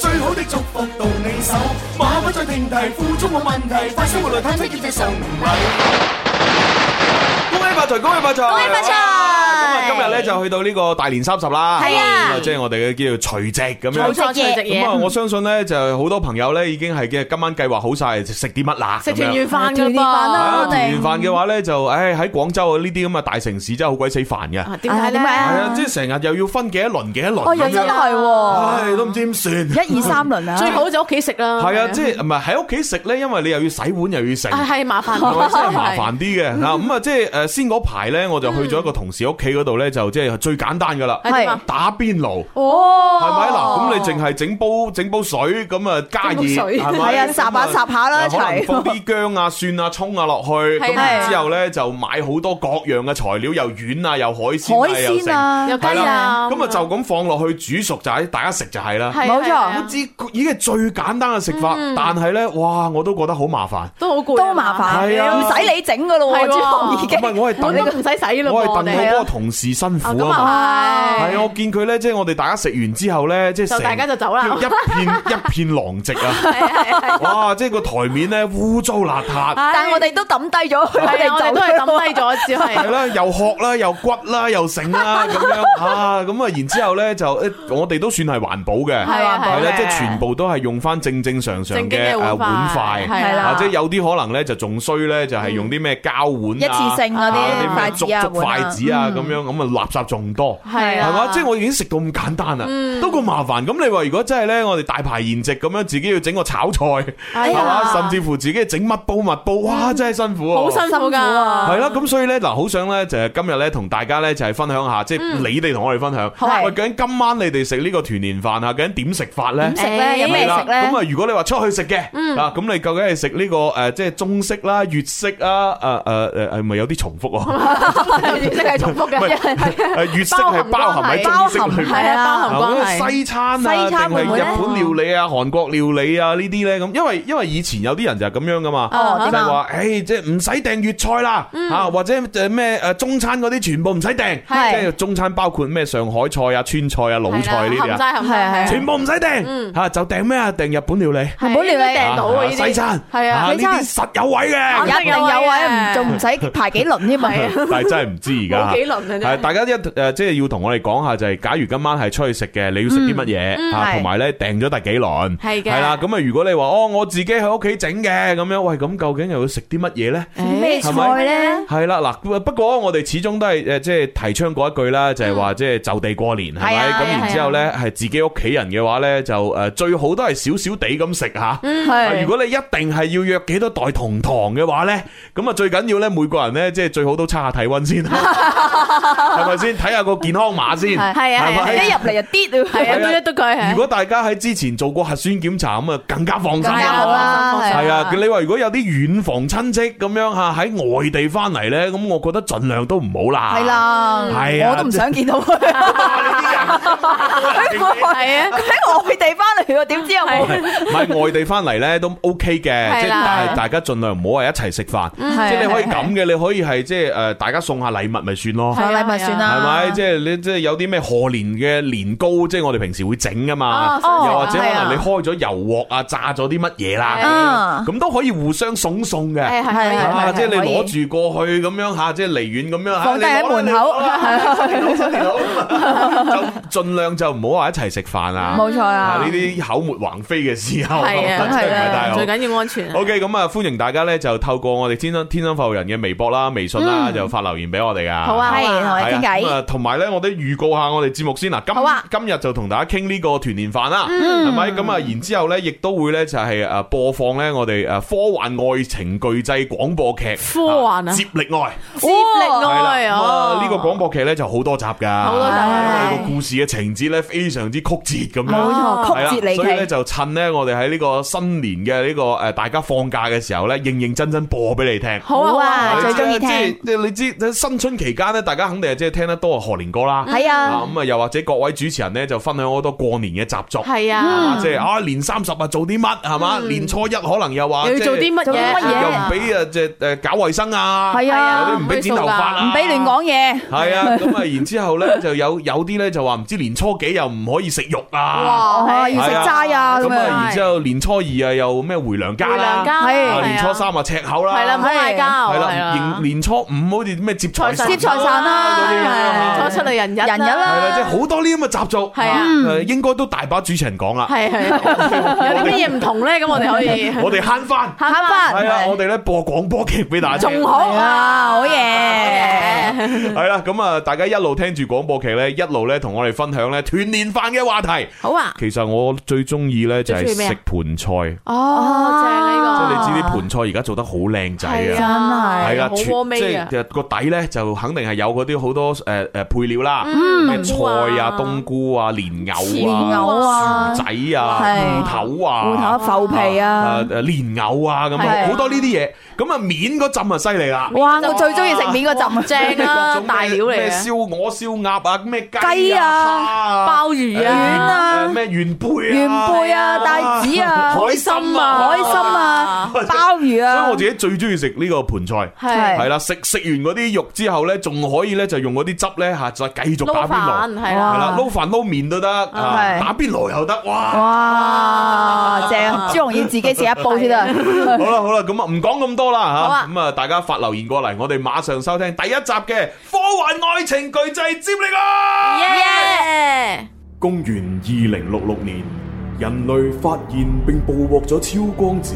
最好的祝福動你手，馬不再停提，付出無問題，發聲換來貪心結在手恭喜發財，恭喜發財，恭喜發財。今日咧就去到呢個大年三十啦，係啊，係啊，即係我哋嘅叫做除夕咁樣。冇錯，除夕咁啊，我相信呢，就好多朋友呢已經係嘅今晚計劃好晒食啲乜啦？食團圓飯㗎嘛！食團圓飯嘅話呢，就，喺、哎、廣州呢啲咁嘅大城市真係好鬼死煩嘅。點解？點解啊？哎、即係成日又要分幾一輪幾一輪？哦，又真係喎、啊哎！都唔知點算。一二三輪啊！最好就屋企食啦。係啊，即係唔係喺屋企食呢？因為你又要洗碗又要食，係麻煩，麻煩啲嘅嗱。咁啊，嗯嗯、即係誒先嗰排呢，我就去咗一個同事屋企。嗰度咧就即係最簡單噶啦，打邊爐哦，係咪嗱？咁你淨係整煲整煲水咁啊，加熱水係咪啊？烚下烚下啦，可能放啲姜啊、蒜啊、葱啊落去，咁、啊、之後咧就買好多各樣嘅材料，又丸啊，又海鮮啊，海鮮啊又雞啊，咁啊,啊,啊,啊,啊,啊就咁放落去煮熟仔、啊，大家食就係啦。冇、啊啊、錯，呢啲已經係最簡單嘅食法，但係咧，哇！我都覺得好麻煩，都好攰，都麻煩，係啊，唔使你整噶咯喎，煮飯已經唔係我係燉，唔使洗咯，我係燉同事辛苦、哦、啊嘛，係我見佢咧，即、就、係、是、我哋大家食完之後咧，即、就、係、是、大家就走啦，一片一片狼藉啊， 哇，即係個台面咧污糟邋遢。但係我哋都抌低咗，我哋都係抌低咗只係。係啦，又殼啦，又骨啦，又剩啦，咁樣啊，咁啊，然之後咧就，我哋都算係環保嘅，係啦，即係、就是、全部都係用翻正正常常嘅碗筷，係啦，即係、啊就是、有啲可能咧就仲衰咧，就係用啲咩膠碗、嗯啊、一次性嗰啲筷子、啊、筷子啊。咁樣咁啊，垃圾仲多，係啊，即係我已經食到咁簡單啦、嗯，都咁麻煩。咁你話如果真係咧，我哋大排筵席咁樣，自己要整個炒菜，係、哎、嘛，甚至乎自己整乜煲乜煲，哇，真係辛苦啊，好辛苦噶，係啦、啊。咁所以咧嗱，好想咧就係今日咧同大家咧就係分享下，即、嗯、係、就是、你哋同我哋分享，係、嗯 okay、喂，究竟今晚你哋食呢個團年飯啊？究竟點、嗯欸、食法咧？食咧，有咩食咧。咁啊，如果你話出去食嘅，啊、嗯，咁你究竟係食呢個誒，即、呃、係、就是、中式啦、粵式、呃呃呃呃呃呃、啊，誒誒誒，係咪有啲重複？粵式係重複。唔係，係粵式係包含喺中式裡面，係啊，包含關係。西餐啊，定係日本料理啊、韓國料理啊呢啲咧咁，因為因為以前有啲人就係咁樣噶嘛，就係話誒即係唔使訂粵菜啦，嚇或者誒咩誒中餐嗰啲全部唔使訂，即係中餐包括咩上海菜啊、川菜啊、魯菜呢啲啊，係啊係啊，全部唔使訂嚇，就訂咩啊？訂日本料理，日本料理訂到啊，西餐係啊，西餐實有位嘅，一定有位，仲唔使排幾輪添啊？但係真係唔知而家。係大家一誒，即係要同我哋講下，就係假如今晚係出去食嘅，你要食啲乜嘢吓？同埋咧訂咗第幾輪？係嘅，係啦。咁啊，如果你話哦，我自己喺屋企整嘅咁樣，喂，咁究竟又要食啲乜嘢咧？係咪咧？係啦，嗱。不過我哋始終都係誒，即係提倡過一句啦，就係話即係就地過年係咪？咁然之後咧，係自己屋企人嘅話咧，就誒最好都係少少地咁食吓。係，如果你一定係要約幾多代同堂嘅話咧，咁啊最緊要咧，每個人咧即係最好都測下體溫先。係咪先？睇下個健康碼先、啊啊啊。係啊，一入嚟就跌，啊就跌啊，係啊，篤一篤佢。如果大家喺之前做過核酸檢查，咁啊更加放心啦、啊。係啊，啊啊、你話如果有啲遠房親戚咁樣吓喺外地翻嚟咧，咁我覺得盡量都唔好啦。係啦，係啊，啊、我都唔想見到佢。係啊， 喺外地翻嚟，我點知啊，是啊是？係喺外地翻嚟咧都 OK 嘅？係啦，即係大家盡量唔好係一齊食飯。即係、啊啊、你可以咁嘅，是啊是啊你可以係即係誒，就是、大家送下禮物咪算咯。禮物算啦，係咪？即係你即係有啲咩賀年嘅年糕，即係我哋平時會整噶嘛、哦？又或者可能你開咗油鑊啊，炸咗啲乜嘢啦？咁都可以互相送送嘅，即係你攞住過去咁樣吓，即係離遠咁樣，放低喺門口，就、哎、盡 量就唔好話一齊食飯啊！冇錯啦，呢啲口沫橫飛嘅時候，係啊，最緊要安全。OK，咁啊，歡迎大家咧就透過我哋天生天生服務人嘅微博啦、微信啦，就發留言俾我哋啊！好啊，係啊，同埋咧，我哋都預告下我哋節目先啦。好啊，今日就同大家傾呢個團年飯啦，係、嗯、咪？咁啊，然之後咧，亦都會咧就係誒播放咧我哋誒科幻愛情巨製廣播劇《科幻、啊、係咪接力愛》哦。接力愛係啦，呢、嗯這個廣播劇咧就好多集噶，好多、啊、集，因為個故事嘅情節咧非常之曲折咁樣。曲、哦、折、啊、所以咧就趁呢我哋喺呢個新年嘅呢個誒大家放假嘅時候咧、啊啊，認認真真播俾你聽。好啊，啊最中意聽。你知，你知，你知新春期間咧，大而家肯定係即係聽得多賀年歌啦，係啊，咁啊又或者各位主持人咧就分享好多過年嘅習俗，係 啊、嗯，即係啊年三十啊做啲乜係嘛？年初一可能又話要做啲乜嘢，又唔俾啊即係誒搞衛生啊，係啊，有啲唔俾剪頭髮，唔俾亂講嘢，係啊，咁啊然之後咧就有有啲咧就話唔知年初幾又唔可以食肉啊，係啊，要食齋啊，咁啊然之後年初二啊又咩回娘家，啊回娘家啊，年初三啊赤口啦、啊，係啦，唔嗌交，係啦，年初五好似咩接財神。啲係啊，再出嚟人人日啦，係啦，即係好多呢啲咁嘅習俗，係啊，人人啊就是，應該都大把主持人講啦，係係， 有啲乜嘢唔同咧？咁我哋可以 我哋，我哋慳翻，慳翻，係啊，我哋咧播廣播劇俾大家，仲好啊，哦哦，好嘢，係啦，咁啊，大家一路聽住廣播劇咧，一路咧同我哋分享咧團年飯嘅話題，好啊。其實我最中意咧就係食盤菜，哦，即係呢個，即、就、係、是，你知啲盤菜而家做得好靚仔啊，真係，係啊，即係個底咧就肯定係有。嗰啲好多誒誒配料啦，咩、嗯、菜啊、冬菇啊、蓮、啊藕,啊、藕啊、薯仔啊、芋頭啊、芋頭、腐皮啊、誒、啊啊啊啊、蓮藕啊咁啊，好多呢啲嘢。咁啊,啊,啊那面嗰浸啊犀利啦！哇，我最中意食面嗰浸正啦、啊，大料嚟嘅。燒鵝燒鴨啊，咩雞啊、鮑、啊、魚啊、丸啊，咩元貝啊、元貝啊、帶、啊啊啊、子啊、海參啊,啊、海參啊、鮑、啊、魚啊,啊。所以我自己最中意食呢個盆菜，係啦，食食完嗰啲肉之後咧，仲可。所以咧就用嗰啲汁咧吓，再繼續打邊爐係啦，撈飯撈麵都得，打邊爐又得，哇！哇！正、啊，只可以自己食一步先得、啊啊啊。好啦好啦，咁啊唔講咁多啦吓，咁啊大家發留言過嚟，我哋馬上收聽第一集嘅科幻愛情巨製《就是、接力啦、啊》。耶！公元二零六六年，人類發現並捕獲咗超光子，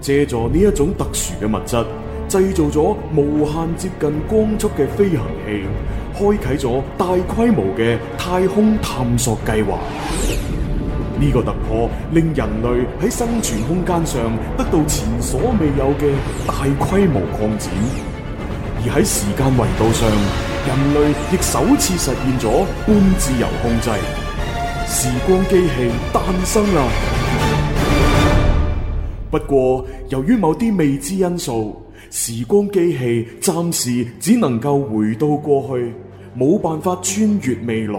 借助呢一種特殊嘅物質。製造咗無限接近光速嘅飛行器，開啟咗大規模嘅太空探索計劃。呢個突破令人類喺生存空間上得到前所未有嘅大規模擴展，而喺時間維度上，人類亦首次實現咗半自由控制。時光機器誕生啦！不過由於某啲未知因素。時光機器暫時只能夠回到過去，冇辦法穿越未來，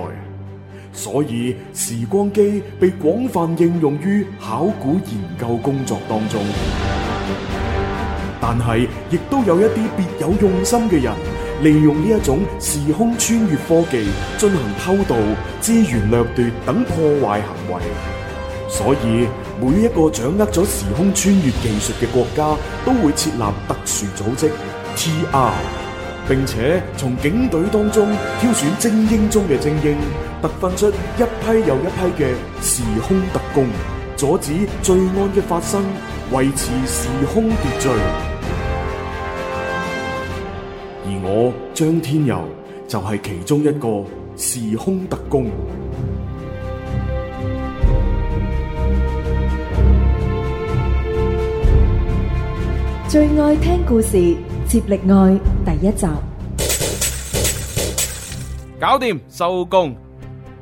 所以時光機被廣泛應用於考古研究工作當中。但係，亦都有一啲別有用心嘅人，利用呢一種時空穿越科技進行偷盜、資源掠奪等破壞行為，所以。每一個掌握咗時空穿越技術嘅國家，都會設立特殊組織 TR，並且從警隊當中挑選精英中嘅精英，特訓出一批又一批嘅時空特工，阻止罪案嘅發生，維持時空秩序。而我張天佑就係其中一個時空特工。最愛聽故事，接力愛第一集。搞掂收工。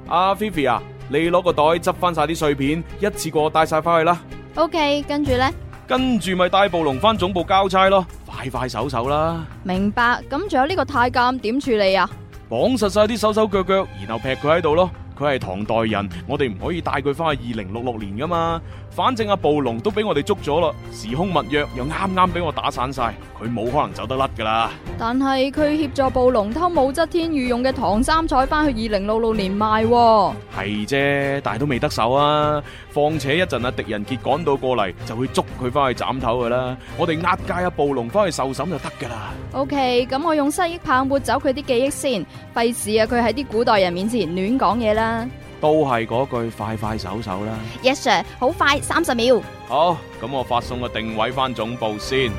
阿菲菲啊，你攞個袋執翻晒啲碎片，一次過帶晒翻去啦。OK，跟住呢，跟住咪帶暴龍翻總部交差咯，快快手手啦。明白，咁仲有呢個太監點處理啊？綁實晒啲手手腳腳，然後劈佢喺度咯。佢係唐代人，我哋唔可以帶佢翻去二零六六年噶嘛。反正阿、啊、暴龍都俾我哋捉咗啦，時空密約又啱啱俾我打散晒，佢冇可能走得甩噶啦。但係佢協助暴龍偷武則天御用嘅唐三彩翻去二零六六年賣喎。係啫，但係都未得手啊。況且一陣阿狄仁傑趕到過嚟，就會捉佢翻去斬頭噶啦。我哋押解阿暴龍翻去受審就得噶啦。OK，咁我用失憶棒抹走佢啲記憶先，費事啊！佢喺啲古代人面前亂講嘢啦。都係嗰句，快快手手啦！Yes sir，好快三十秒。好，咁我發送個定位翻總部先。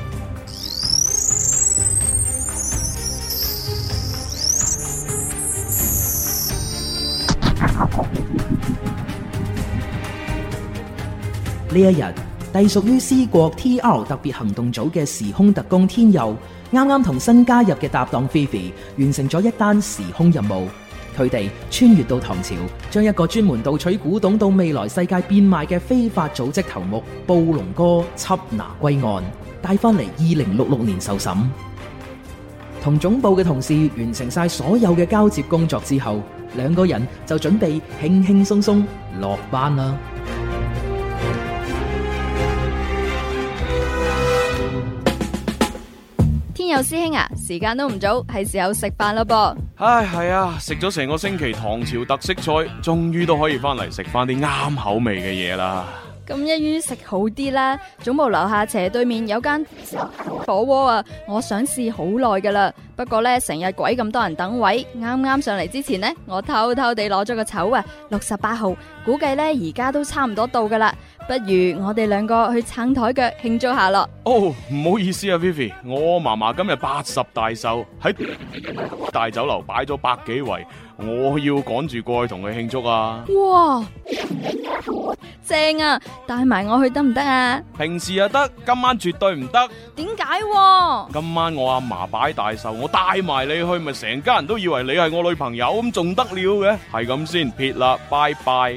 呢一日，隸屬於 C 國 TR 特別行動組嘅時空特工天佑，啱啱同新加入嘅搭檔 Fifi 完成咗一單時空任務。佢哋穿越到唐朝，將一個專門盜取古董到未來世界變賣嘅非法組織頭目暴龍哥緝拿歸案，帶翻嚟二零六六年受審。同總部嘅同事完成晒所有嘅交接工作之後，兩個人就準備輕輕鬆鬆落班啦。有師兄啊，時間都唔早，係時候食飯啦噃。唉，係啊，食咗成個星期唐朝特色菜，終於都可以翻嚟，食翻啲啱口味嘅嘢啦。咁一於食好啲啦，總部樓下斜對面有間火鍋啊，我想試好耐噶啦。不過呢，成日鬼咁多人等位，啱啱上嚟之前呢，我偷偷地攞咗個籌啊，六十八號，估計呢而家都差唔多到噶啦。不如我哋兩個去撐台腳慶祝下咯。哦，唔好意思啊，Vivi，我嫲嫲今日八十大壽，喺大酒樓擺咗百幾圍，我要趕住過去同佢慶祝啊。哇，正啊，帶埋我去得唔得啊？平時又得，今晚絕對唔得。點解？今晚我阿嫲擺大壽，我帶埋你去咪成家人都以為你係我女朋友咁，仲得了嘅？係咁先，撇啦，拜拜。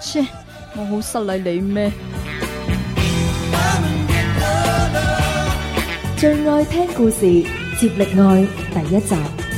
切，我好失禮你咩？最愛聽故事接力愛第一集。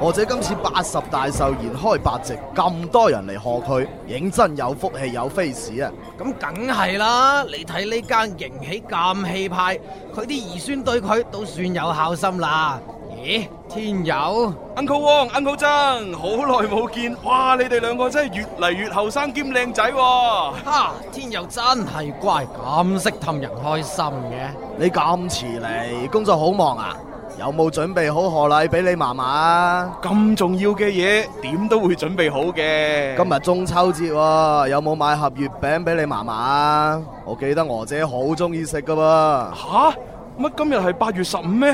我、啊、仔今次八十大壽，筵開八席，咁多人嚟賀佢，認真有福氣有 face 啊！咁梗係啦，你睇呢間迎起咁氣派，佢啲兒孫對佢都算有孝心啦。咦？天佑，uncle 王，uncle 曾，好耐冇見，哇！你哋兩個真係越嚟越後生兼靚仔喎。哈、啊！天佑真係乖，咁識氹人開心嘅。你咁遲嚟，工作好忙啊？有冇準備好賀禮俾你嫲嫲？咁重要嘅嘢，點都會準備好嘅。今日中秋節，有冇買盒月餅俾你嫲嫲？我記得娥姐好中意食噶喎。吓？乜今日係八月十五咩？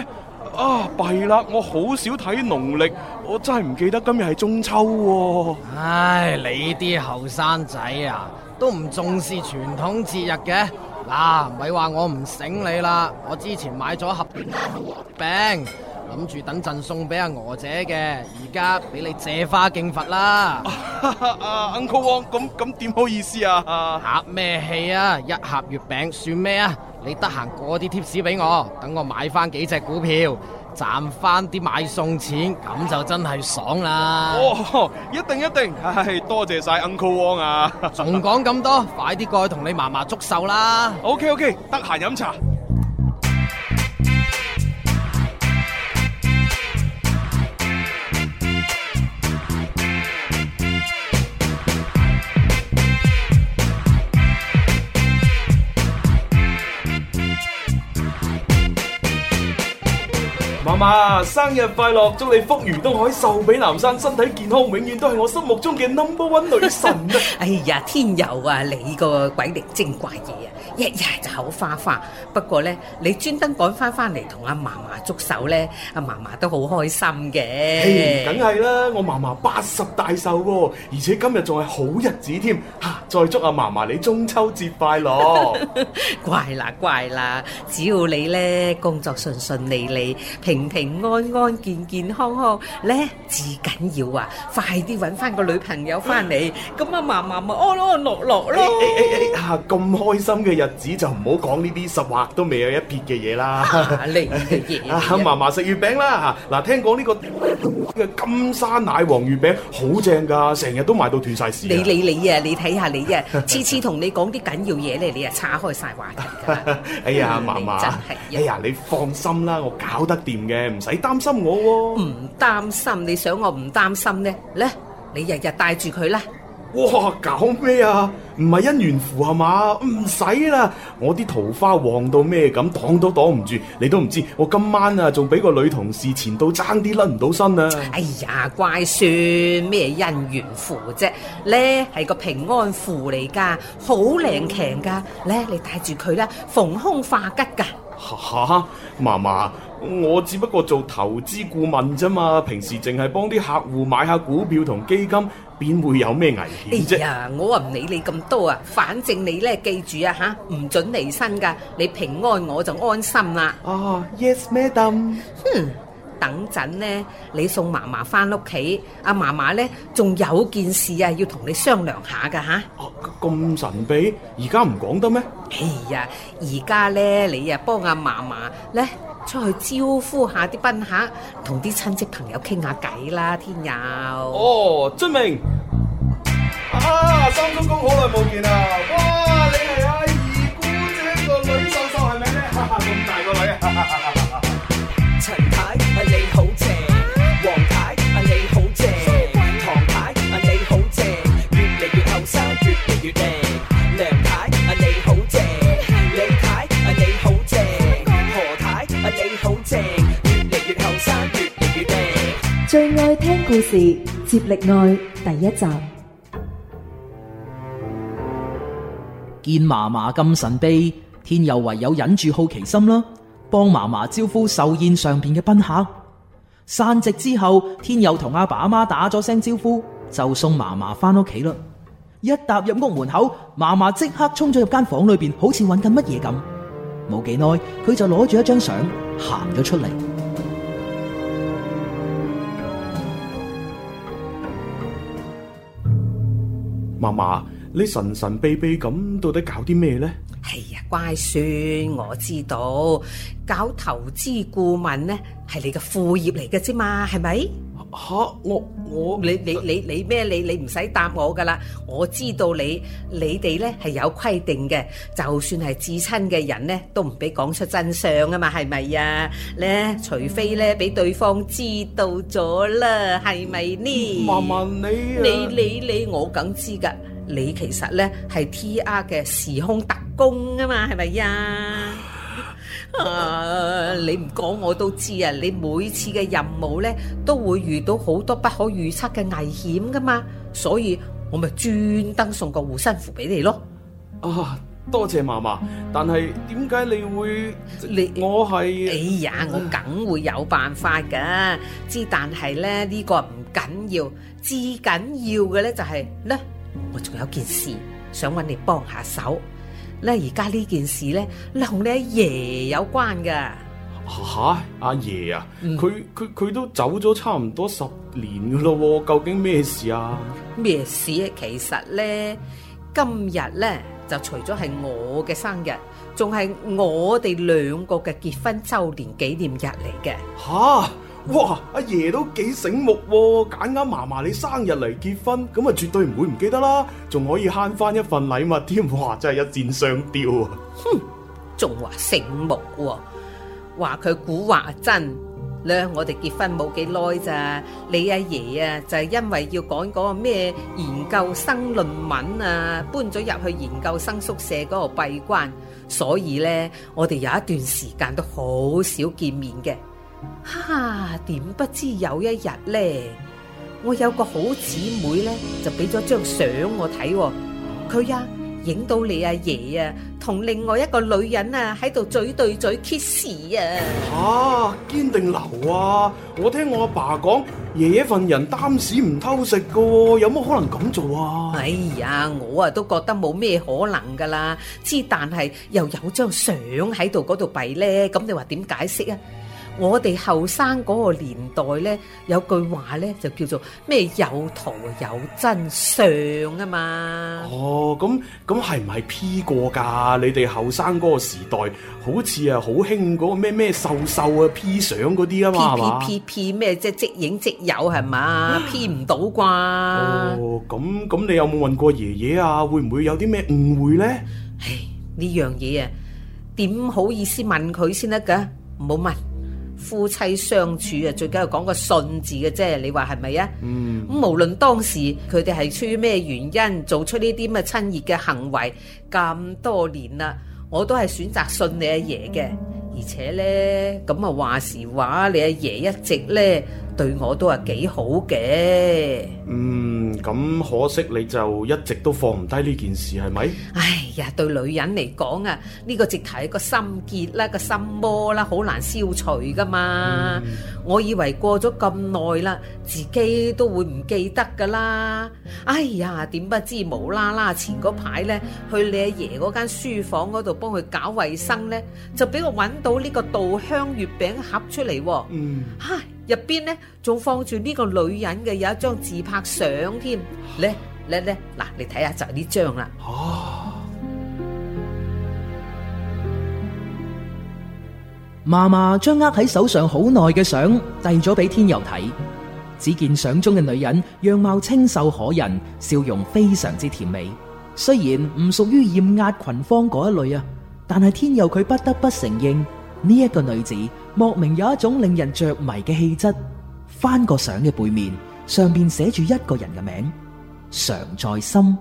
啊，弊啦，啊，我好少睇農曆，我真係唔記得今日係中秋喎。唉，你啲後生仔啊，都唔重視傳統節日嘅。嗱、啊，咪話我唔醒你啦！我之前買咗盒月餅，諗住等陣送俾阿娥姐嘅，而家俾你借花敬佛啦、 啊。Uncle Wong，咁咁點好意思啊？客咩氣啊？一盒月餅算咩啊？你得閒過啲貼士俾我，等我買翻幾隻股票，賺翻啲買餸錢，咁就真係爽啦！哦，一定一定，多謝晒 Uncle Wong 啊！仲講咁多，快啲過去同你嫲嫲祝壽啦！OK OK，得閒飲茶。媽，生日快樂！祝你福如東海，壽比南山，身體健康，永遠都係我心目中嘅 number one 女神啊！ 哎呀，天佑啊，你個鬼靈精怪嘢啊！一日就口花花，不過咧，你專登趕翻翻嚟同阿嫲嫲祝壽咧，阿嫲嫲都好開心嘅。梗係啦，我嫲嫲八十大壽喎，而且今日仲係好日子添嚇，再祝阿嫲嫲你中秋節快樂。乖啦乖啦，只要你咧工作順順利利、平平安安、健健康康咧，至緊要啊，快啲揾翻個女朋友翻嚟，咁阿嫲嫲咪安安樂樂咯。嚇咁開心嘅人！日子就唔好講呢啲十劃都未有一撇嘅嘢啦。阿玲，阿嫲嫲食月餅啦吓，嗱聽講呢個金山奶黃月餅好正噶成日都賣到斷晒市。你你你啊，你睇下你啊，次次同你講啲緊要嘢咧，你啊岔開晒話題 哎。哎呀，嫲嫲，哎呀，你放心啦，我搞得掂嘅，唔使擔心我，啊。唔擔心，你想我唔擔心呢？咧？你日日帶住佢啦。哇！搞咩啊？唔係姻緣符係嘛？唔使啦，我啲桃花旺到咩咁，擋都擋唔住。你都唔知，我今晚啊，仲俾個女同事纏到，差啲甩唔到身啊！哎呀，乖孫咩姻緣符啫？咧係個平安符嚟噶，好靈強噶。咧你帶住佢啦，逢凶化吉噶。吓！嫲嫲，我只不過做投資顧問啫嘛，平時淨係幫啲客戶買下股票同基金，便會有咩危險？哎呀，我話唔理你咁多啊，反正你咧記住啊吓，唔准離身噶，你平安我就安心啦。哦、oh，Yes，Madam、hmm。等陣咧，你送嫲嫲翻屋企，阿嫲嫲咧仲有件事啊，要同你商量下噶嚇。哦，咁神秘？而家唔講得咩？哎呀，而家咧，你啊幫阿嫲嫲咧出去招呼下啲賓客，同啲親戚朋友傾下偈啦，天佑。哦，俊明，啊，三公公好耐冇見啦，哇，你係阿二姑姐個女瘦瘦係咪咧？哈哈，咁大個女啊！齊。最愛聽故事接力愛第一集，見嫲嫲咁神秘，天佑唯有忍住好奇心啦，幫嫲嫲招呼壽宴上邊嘅賓客。散席之後，天佑同阿爸阿媽打咗聲招呼，就送嫲嫲翻屋企啦。一踏入屋門口，嫲嫲即刻沖咗入間房裏邊，好似搵緊乜嘢咁。冇幾耐，佢就攞住一張相行咗出嚟。嫲嫲，你神神秘秘咁，到底搞啲咩咧？係呀，乖孫，我知道搞投資顧問呢係你嘅副業嚟嘅啫嘛，係咪？吓、啊？我我你你你你咩？你 你唔使答我噶啦，我知道你你哋呢係有規定嘅，就算係至親嘅人呢都唔俾講出真相啊嘛，係咪呀，咧，除非呢俾對方知道咗啦，係咪呢？慢慢嚟啊，你你你我梗知噶。你其實咧係 TR 嘅時空特工啊嘛，係咪 啊，誒，你唔講我都知啊！你每次嘅任務咧都會遇到好多不可預測嘅危險噶嘛，所以我咪專登送個護身符俾你咯。啊，多謝嫲嫲，但係點解你會你我係？哎呀，我梗會有辦法噶。之但係咧呢、呢個唔緊要，至緊要嘅咧，就係、是、咧。我仲有件事想揾你幫下手，咧而家呢件事咧，你同你阿爺有關噶。吓，阿爺啊，佢佢佢都走咗差唔多十年噶咯，究竟咩事啊？咩事啊？其實咧，今日咧就除咗係我嘅生日，仲係我哋兩個嘅結婚周年紀念日嚟嘅。吓！哇！阿爺都幾醒目，揀啱嫲嫲你生日嚟結婚，咁啊絕對唔會唔記得啦，仲可以慳翻一份禮物添，哇！真係一箭雙雕啊！哼，仲話醒目，話佢古話真咧，我哋結婚冇幾耐咋，你阿爺啊就係因為要講嗰個咩研究生論文啊，搬咗入去研究生宿舍嗰度閉關，所以咧我哋有一段時間都好少見面嘅。哈、啊！點不知有一日咧，我有個好姊妹咧，就俾咗張相我睇、啊，佢啊影到你阿爺啊同另外一個女人啊喺度嘴對嘴 kiss 啊！吓、啊，堅定流啊！我聽我阿爸講，爺爺份人擔屎唔偷食噶，有乜可能咁做啊？哎呀，我啊都覺得冇咩可能噶啦，之但係又有張相喺度嗰度弊咧，咁你話點解釋啊？我哋後生嗰個年代咧，有句話咧就叫做咩有圖有真相啊嘛。哦，咁咁係唔係 P 過噶？你哋後生嗰個時代好似啊好興嗰個咩咩瘦瘦啊 P 相嗰啲啊嘛，P P P P 咩即即影即有係嘛、啊、P 唔到啩？哦，咁咁你有冇問過爺爺啊？會唔會有啲咩誤會咧？唉，呢樣嘢啊，點好意思問佢先得噶？唔好問。夫妻相處啊，最緊要講個信字嘅啫，你話係咪啊？咁、嗯、無論當時佢哋係出於咩原因做出呢啲咁嘅親熱嘅行為，咁多年啦，我都係選擇信你阿爺嘅，而且咧咁啊話時話，你阿爺一直咧，對我都係幾好嘅，嗯，咁可惜你就一直都放唔低呢件事係咪？哎呀，對女人嚟講啊，呢、這個直頭係個心結啦、啊，個心魔啦、啊，好難消除噶嘛，嗯。我以為過咗咁耐啦，自己都會唔記得噶啦。哎呀，點不知無啦啦前嗰排呢，去你阿爺嗰間書房嗰度幫佢搞衛生呢，就俾我揾到呢個稻香月餅盒出嚟，啊，嗯，唉、啊。入邊呢仲放住呢個女人嘅有一張自拍相添。嚟嚟嚟，嗱，你睇下就呢張啦。哦，嫲嫲將握喺手上好耐嘅相遞咗俾天佑睇，只見相中嘅女人樣貌清秀可人，笑容非常之甜美。雖然唔屬於艷壓群芳嗰一類啊，但係天佑佢不得不承認呢一個女子，莫名有一種令人着迷嘅氣質。翻個相嘅背面，上面寫住一個人嘅名，常在心。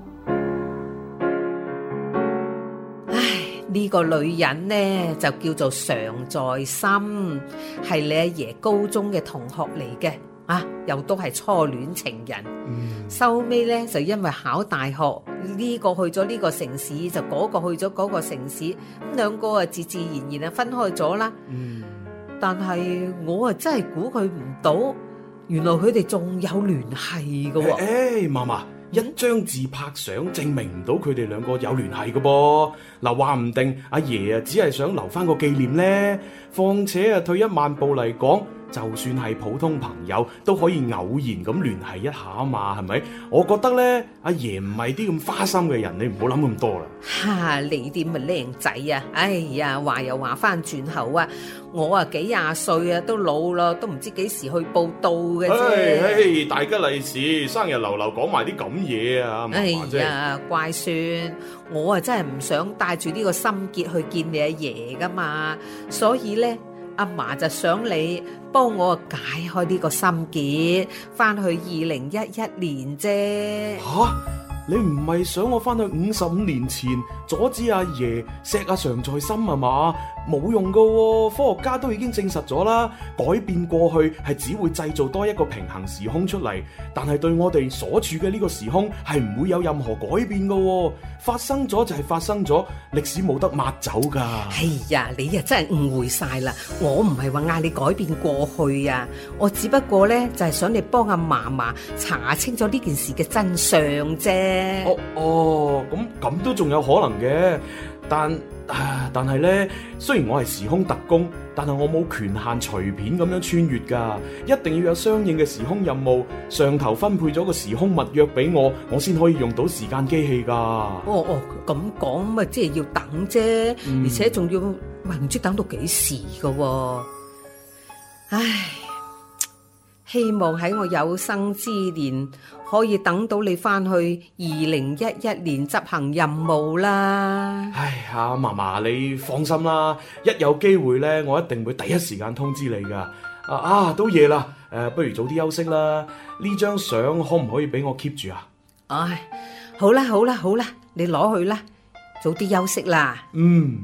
唉，呢個女人呢就叫做常在心，係你阿爺高中嘅同學嚟嘅啊，又都係初戀情人。收尾呢就因為考大學，呢個去咗呢個城市，就嗰個去咗嗰個城市，咁兩個啊，自自然然啊分開咗啦。嗯。但係我啊真係估佢唔到，原來佢哋仲有聯繫噶。誒、欸，嫲嫲，一張自拍相證明唔到佢哋兩個有聯繫噶噃。嗱，話唔定阿爺啊，只係想留翻個紀念咧。況且啊，退一萬步嚟講。就算係普通朋友都可以偶然咁聯繫一下嘛，係咪？我覺得咧，阿爺唔係啲咁花心嘅人，你唔好諗咁多啦。哈！你點咪靚仔啊！哎呀，話又話翻轉頭啊！我啊幾廿歲啊，都老啦，都唔知幾時去報到嘅啫。嘿！大吉利事，生日流流講埋啲咁嘢啊！哎呀，乖孫！我啊真係唔想帶住呢個心結去見你阿爺噶嘛，所以咧。阿嫲就想你幫我解開呢個心結，翻去二零一一年啫。吓、啊，你唔係想我翻去五十五年前阻止阿爺錫阿常在心吖嘛？冇用噶，科學家都已經證實咗啦。改變過去係只會製造多一個平行時空出嚟，但係對我哋所處嘅呢個時空係唔會有任何改變噶。發生咗就係發生咗，歷史冇得抹走噶。哎呀，你啊真係誤會晒啦。我唔係話嗌你改變過去呀，我只不過呢，就係想你幫阿嫲嫲查清楚呢件事嘅真相啫。哦哦，咁咁都仲有可能嘅，但。啊！但係咧，雖然我係時空特工，但係我冇權限隨便咁樣穿越噶，一定要有相應嘅時空任務，上頭分配咗個時空密約俾我，我先可以用到時間機器噶。哦哦，咁講啊，即係要等啫，嗯，而且仲要喂唔知等到幾時噶，啊，唉，希望喺我有生之年。可以等到你翻去二零一一年執行任務啦。唉，阿嫲嫲，你放心啦，一有機會咧，我一定會第一時間通知你㗎。啊啊，都夜啦，誒，不如早啲休息啦。呢張相可唔可以俾我 keep 住啊？唉，好啦好啦好啦，你攞去啦，早啲休息啦。嗯。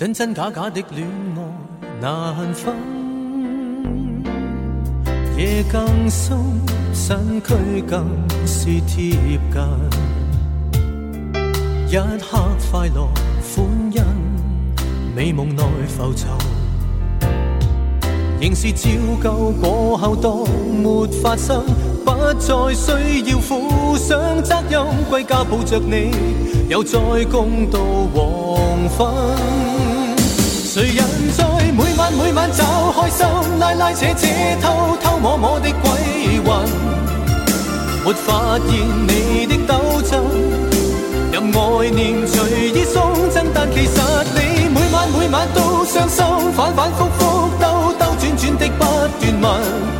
真真假假的戀愛難分，夜更深，身軀更是貼近，一刻快樂歡欣，美夢內浮沉，仍是照舊過後多沒發生。不再需要負上責任，歸家抱着你，又再共度黃昏。誰人在每晚每晚找開心，拉拉扯扯、偷偷摸摸的鬼混，沒發現你的鬥爭。任愛念隨意送贈，但其實你每晚每晚都傷心，反反復復、兜兜轉轉的不斷問。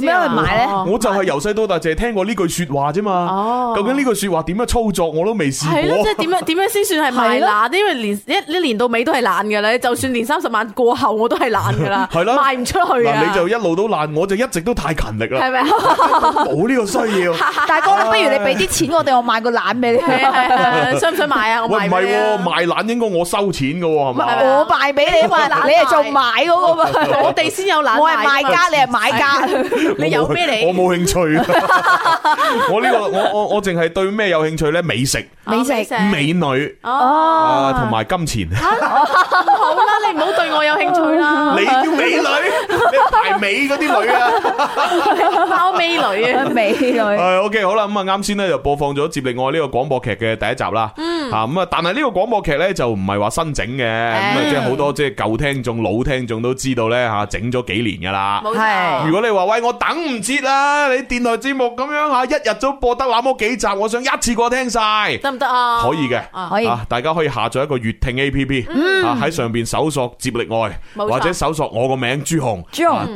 點樣去買咧？我就係由細到大淨係聽過這句呢句說話啫嘛。哦，究竟呢句說話點樣操作我都未試過。係咯，即係點樣點樣先算係賣懶？因為年一年到尾都係懶噶啦，就算年三十晚過後我都係懶噶啦，係咯，賣唔出去啊！你就一路都懶，我就一直都太勤力啦。係咪冇呢個需要、啊。 大哥， 不如你俾啲錢我哋，我買個懶俾你，想唔 想買啊？我賣、啊。喂，唔係、啊，賣懶應該我收錢噶，咪、啊、我賣俾你懶懶你係做買嗰個嘛？ 我哋先有懶。我係賣家， 你係買家。 你有咩嚟？我冇興趣。我呢個我我我淨係對咩有興趣咧？美食、美食、美女哦，啊同埋金錢。好啦，你唔好對我有興趣啦。你叫美女，你大美嗰啲女啊？爆美女啊，美女。係 OK，好啦，咁啊，啱先咧就播放咗《接力愛》呢個廣播劇嘅第一集啦。嗯。吓咁啊，但係呢個廣播劇咧就唔係話新整嘅，咁啊即係好多即係舊聽眾、老聽眾都知道咧吓，整咗幾年噶啦。係。如果你話喂我。等唔切啦！你電台節目咁樣吓，一日都播得那麼幾集，我想一次過聽晒，得唔得啊？可以嘅，啊可以，大家可以下載一個悅聽 A P P，啊喺上邊搜索接力愛，或者搜索我個名朱紅，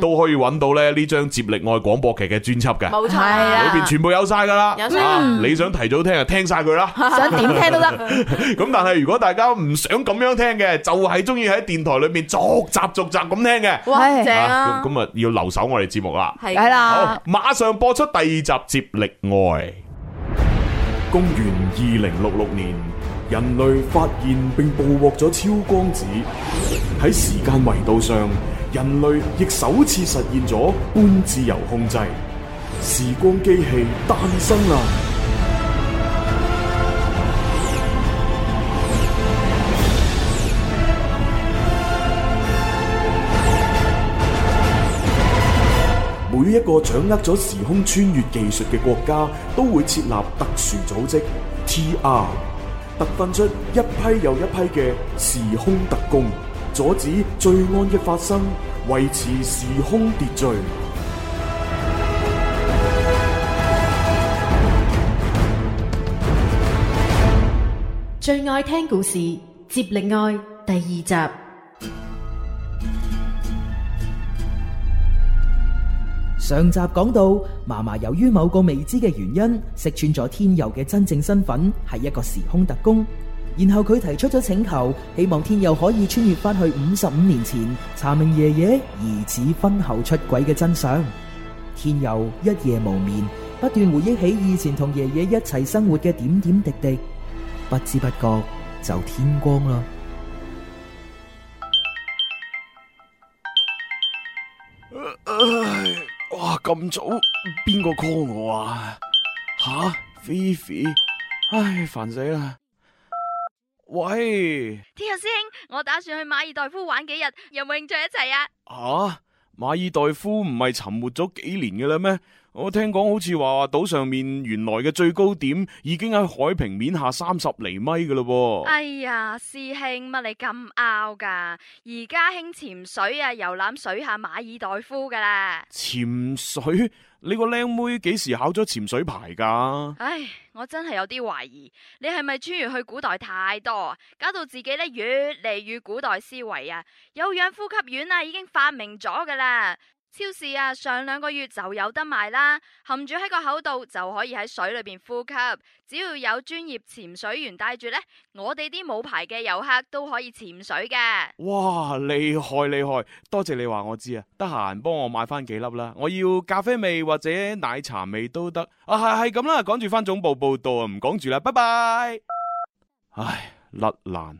都可以揾到咧呢張接力愛廣播劇嘅專輯嘅，冇錯，係啊，裏邊全部有晒噶啦，啊你想提早聽就聽晒佢啦，想點聽都得。咁但係如果大家唔想咁樣聽嘅，就係中意喺電台裏邊逐集逐集咁聽嘅，哇，正啊！咁啊要留守我哋節目啦。係啦，馬上播出第二集《接力愛》。公元二零六六年，人類發現並捕獲咗超光子，喺時間維度上，人類亦首次實現咗半自由控制，時光機器誕生啦！每一個掌握咗時空穿越技術嘅國家，都會設立特殊組織 TR，特訓出一批又一批嘅時空特工，阻止罪案嘅發生，維持時空秩序。最愛聽故事，接力愛第二集。上集講到，嫲嫲由於某個未知嘅原因，識穿咗天佑嘅真正身份係一個時空特工，然後佢提出咗請求，希望天佑可以穿越翻去五十五年前，查明爺爺疑似婚後出軌嘅真相。天佑一夜無眠，不斷回憶起以前同爺爺一齊生活嘅點點滴滴，不知不覺就天光啦。 哇，咁早邊個 call 我啊？吓，Fifi，唉，煩死啦！喂，天佑師兄，我打算去馬爾代夫玩幾日，有冇興趣一齊啊？吓、啊，馬爾代夫唔係沉沒咗幾年嘅啦咩？我聽講好似話島上面原來嘅最高點已經喺海平面下三十厘米嘅咯。哎呀，師兄乜你咁拗噶？而家興潛水啊，遊覽水下馬爾代夫噶啦。潛水？你個靚妹幾時考咗潛水牌噶？唉、哎，我真係有啲懷疑，你係咪穿越去古代太多，搞到自己咧越嚟越古代思維啊？有氧呼吸丸啊，已經發明咗噶啦。超市啊，上兩個月就有得賣啦。含住喺個口度就可以喺水裏邊呼吸。只要有專業潛水員帶住呢，我哋啲冇牌嘅遊客都可以潛水嘅。哇，厲害厲害！多謝你話我知啊，得閒幫我買翻幾粒啦。我要咖啡味或者奶茶味都得。啊，係係咁啦，趕住翻總部報道啊，唔講住啦，拜拜。 唉，甩爛。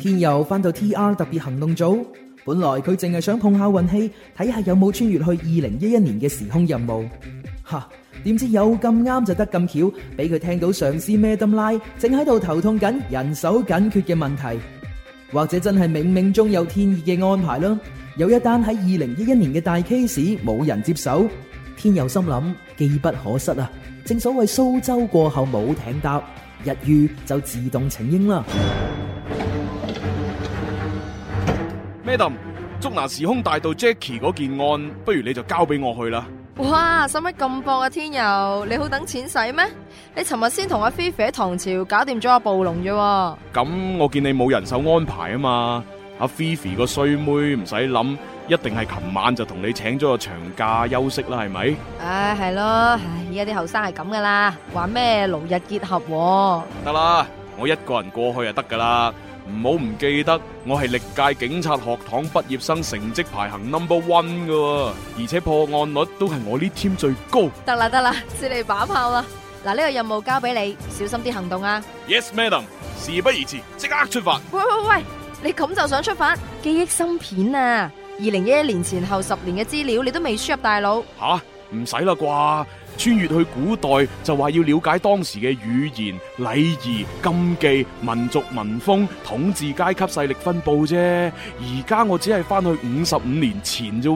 天佑翻到 TR 特別行動組，本來佢淨係想碰下運氣，睇下有冇穿越去二零一一年嘅時空任務。吓，點知有咁啱就得咁巧，俾佢聽到上司咩咁拉，正喺度頭痛緊人手緊缺嘅問題。或者真係冥冥中有天意嘅安排囉。有一單喺二零一一年嘅大 case 冇人接手，天佑心諗機不可失啊。正所謂蘇州過後冇艇搭。一遇就自動請纓啦，Madam，捉拿時空大道 Jackie 嗰件案，不如你就交俾我去啦。哇，使乜咁搏啊，天佑，你好等錢使咩？你尋日先同阿 Fifi 喺唐朝搞掂咗阿暴龍啫。咁我見你冇人手安排啊嘛，阿 Fifi 個衰妹唔使諗。一定係琴晚就同你請咗個長假休息啦，係咪？唉、唉，係咯，而家啲後生係咁噶啦，話咩勞逸結合，啊？得啦，我一個人過去就得噶啦，唔好唔記得我係歷屆警察學堂畢業生成績排行 number one 噶，而且破案率都係我呢 team 最高。得啦，得啦，接你把炮啦。嗱，呢個任務交俾你，小心啲行動啊。Yes, Madam。事不宜遲，即刻出發。喂喂喂，你咁就想出發？記憶芯片啊！二零一一年前後十年嘅資料，你都未輸入大腦吓，唔使啦啩？穿越去古代就話要了解當時嘅語言、禮儀、禁忌、民族、民風、統治階級勢力分布啫。而家我只係翻去五十五年前啫，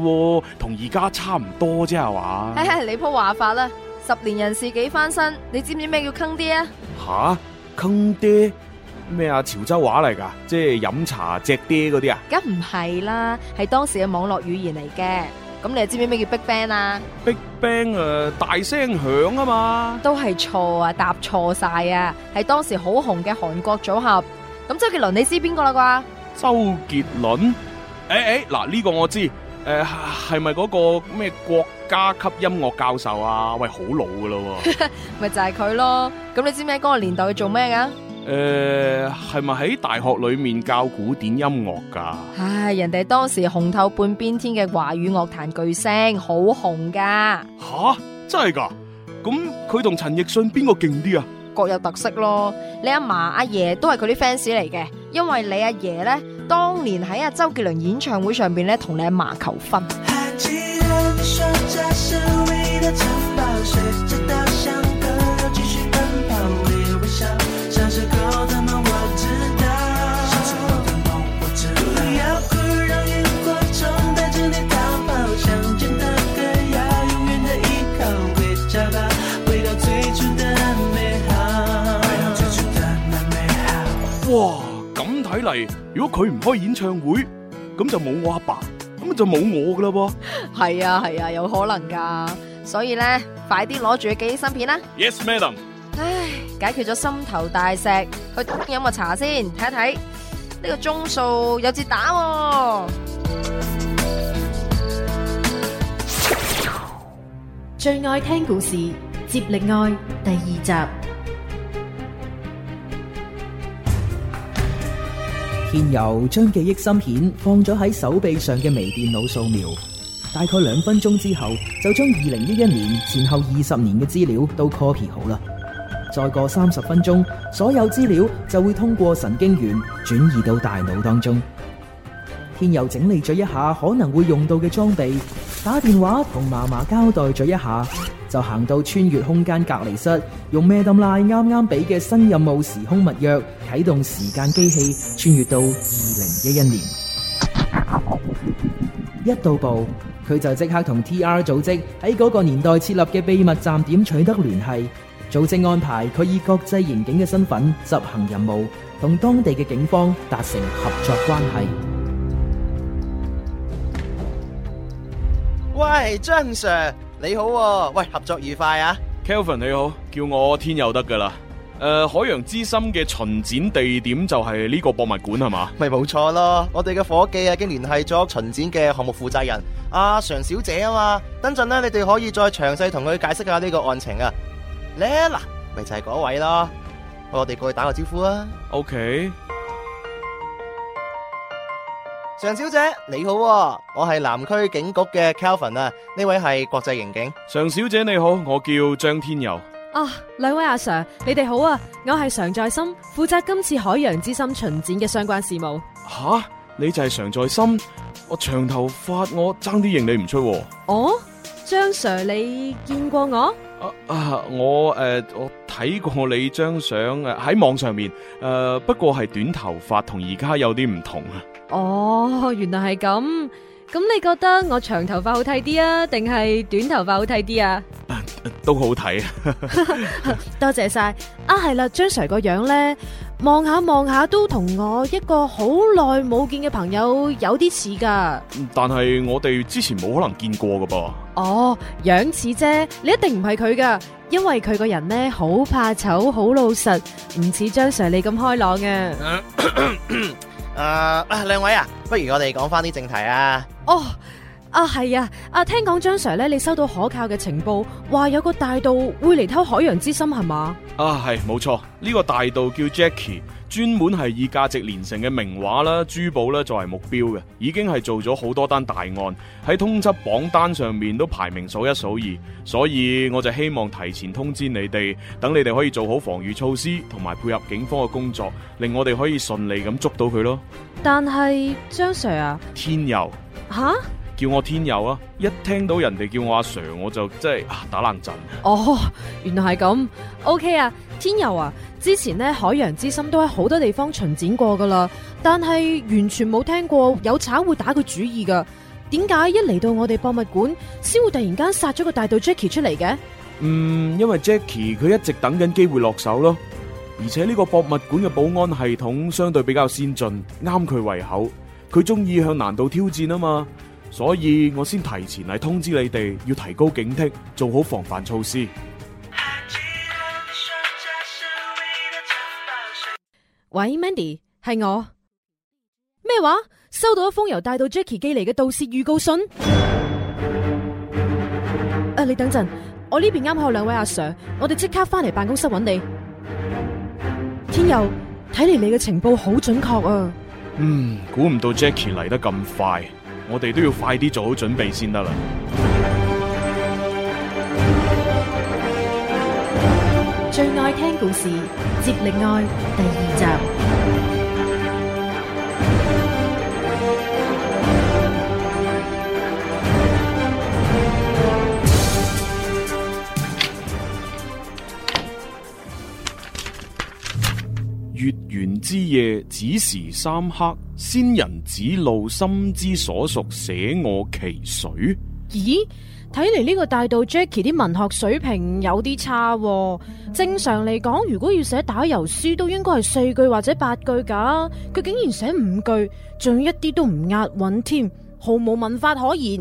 同而家差唔多啫係嘛？ 你鋪話法啦，十年人事幾翻身？你知唔知咩叫坑爹啊？吓，坑爹！咩啊，潮州話嚟噶，即係飲茶只爹嗰啲啊？梗唔係啦，係當時嘅網絡語言嚟嘅。咁你又知唔知咩叫 Big Bang 啊？Big Bang 啊、呃，大聲響啊嘛！都係錯啊，答錯晒啊，係當時好紅嘅韓國組合。咁周杰倫你知邊個啦啩？周杰倫，誒、欸、誒，嗱、欸、呢、這個我知，誒係咪嗰個咩國家級音樂教授啊？喂，好老噶 咯，咪就係佢咯。咁你知唔知喺嗰個年代佢做咩噶？嗯誒、呃，係咪喺大學裏面教古典音樂噶？唉，人哋當時紅透半邊天嘅華語樂壇巨星，好紅噶。吓，真係噶？咁佢同陳奕迅邊個勁啲啊？各有特色咯。你阿嫲阿爺都係佢啲 fans 嚟嘅，因為你阿爺咧當年喺阿周杰倫演唱會上邊咧同你阿嫲求婚。如果佢唔開演唱會，咁就冇我阿爸，爸，咁就冇我噶啦喎。係啊係啊，有可能噶。所以咧，快啲攞住個記憶芯片啦。Yes, madam。唉，解決咗心頭大石，去飲個茶先，睇一睇呢個鐘數有節打、啊。最愛聽故事，接力愛第二集。天佑將記憶芯片放咗喺手臂上嘅微電腦掃描，大概兩分鐘之後就將二零一一年前後二十年嘅資料都 copy 好啦。再過三十分鐘，所有資料就會通過神經元轉移到大腦當中。天佑整理咗一下可能會用到嘅裝備，打電話同嫲嫲交代咗一下。就行到穿越空間隔離室，用咩咁拉啱啱俾嘅新任務時空密鑰啟動時間機器，穿越到二零一一年。 一到步，佢就即刻同 T R 組織喺嗰個年代設立嘅秘密站點取得聯繫，組織安排佢以國際刑警嘅身份執行任務，同當地嘅警方達成合作關係。喂，張 Sir。你好、啊，喂，合作愉快啊，Kelvin 你好，叫我天佑得噶啦。誒、呃，海洋之心嘅巡展地點就係呢個博物館係嘛？咪冇錯咯，我哋嘅伙計啊，已經聯繫咗巡展嘅項目負責人阿常小姐啊嘛。等陣呢，你哋可以再詳細同佢解釋下呢個案情啊。咧嗱，咪就係、是、嗰位咯，我哋過去打個招呼啊。OK。常小姐你好、哦，我係南區警局嘅 Calvin 啊，呢位係國際刑警。常小姐你好，我叫張天佑。啊，兩位阿 Sir，你哋好啊，我係常在心，負責今次海洋之心巡展嘅相關事務。吓、啊，你就係常在心？我長頭髮我，我爭啲認你唔出、啊。哦、oh?。張 Sir，你見過我？啊啊，我誒，我睇過你張相誒，喺網上面誒，不過係短頭髮，同而家有啲唔同啊。哦，原來係咁。咁你覺得我長頭髮好睇啲啊，定係短頭髮好睇啲啊？都好睇啊！多謝晒啊，係啦，張 Sir 個樣咧。望下望下都同我一個好耐冇見嘅朋友有啲似噶，但係我哋之前冇可能見過噶噃。哦，樣似啫，你一定唔係佢噶，因為佢個人咧好怕醜，好老實，唔似張 Sir 你咁開朗嘅。啊， 呃，兩位啊，不如我哋講翻啲正題啊。哦。啊係啊！啊聽講張 Sir 咧，你收到可靠嘅情報，話有個大盜會嚟偷海洋之心係嘛？啊係冇錯，呢個大盜叫 Jackie，專門係以價值連城嘅名畫啦、珠寶啦作為目標嘅，已經係做咗好多單大案，喺通緝榜單上面都排名數一數二，所以我就希望提前通知你哋，等你哋可以做好防御措施，同埋配合警方嘅工作，令我哋可以順利咁捉到佢咯。但係張 Sir 啊，天佑吓？啊叫我天佑啊！一聽到人哋叫我阿 Sir，我就即係打冷震。哦，原來係咁。OK 啊，天佑啊，之前呢海洋之心都喺好多地方巡展過噶啦，但係完全冇聽過有賊會打佢主意噶。點解一嚟到我哋博物館，先會突然間殺咗個大盜 Jackie 出嚟嘅？嗯，因為 Jackie 佢一直等緊機會落手咯，而且呢個博物館嘅保安系統相對比較先進，啱佢胃口，佢中意向難度挑戰啊嘛。所以我先提前嚟通知你哋，要提高警惕，做好防範措施。喂，Mandy，係我。咩話？收到一封由大盜 Jackie 寄嚟嘅盜竊預告信。誒、 啊，你等陣，我呢邊啱好有兩位阿 sir，我哋即刻翻嚟辦公室揾你。天佑，睇嚟你嘅情報好準確啊。嗯，估唔到 Jackie 嚟得咁快。我哋都要快啲做好準備先得啦！最愛聽故事，接力愛第二集。月圓之夜，子時三刻，仙人指路，心之所屬，寫我其水。咦？睇嚟呢個大道 Jackie 啲文學水平有啲差，啊。正常嚟講，如果要寫打油詩，都應該係四句或者八句噶，啊。佢竟然寫五句，仲一啲都唔押韻添，毫無文法可言。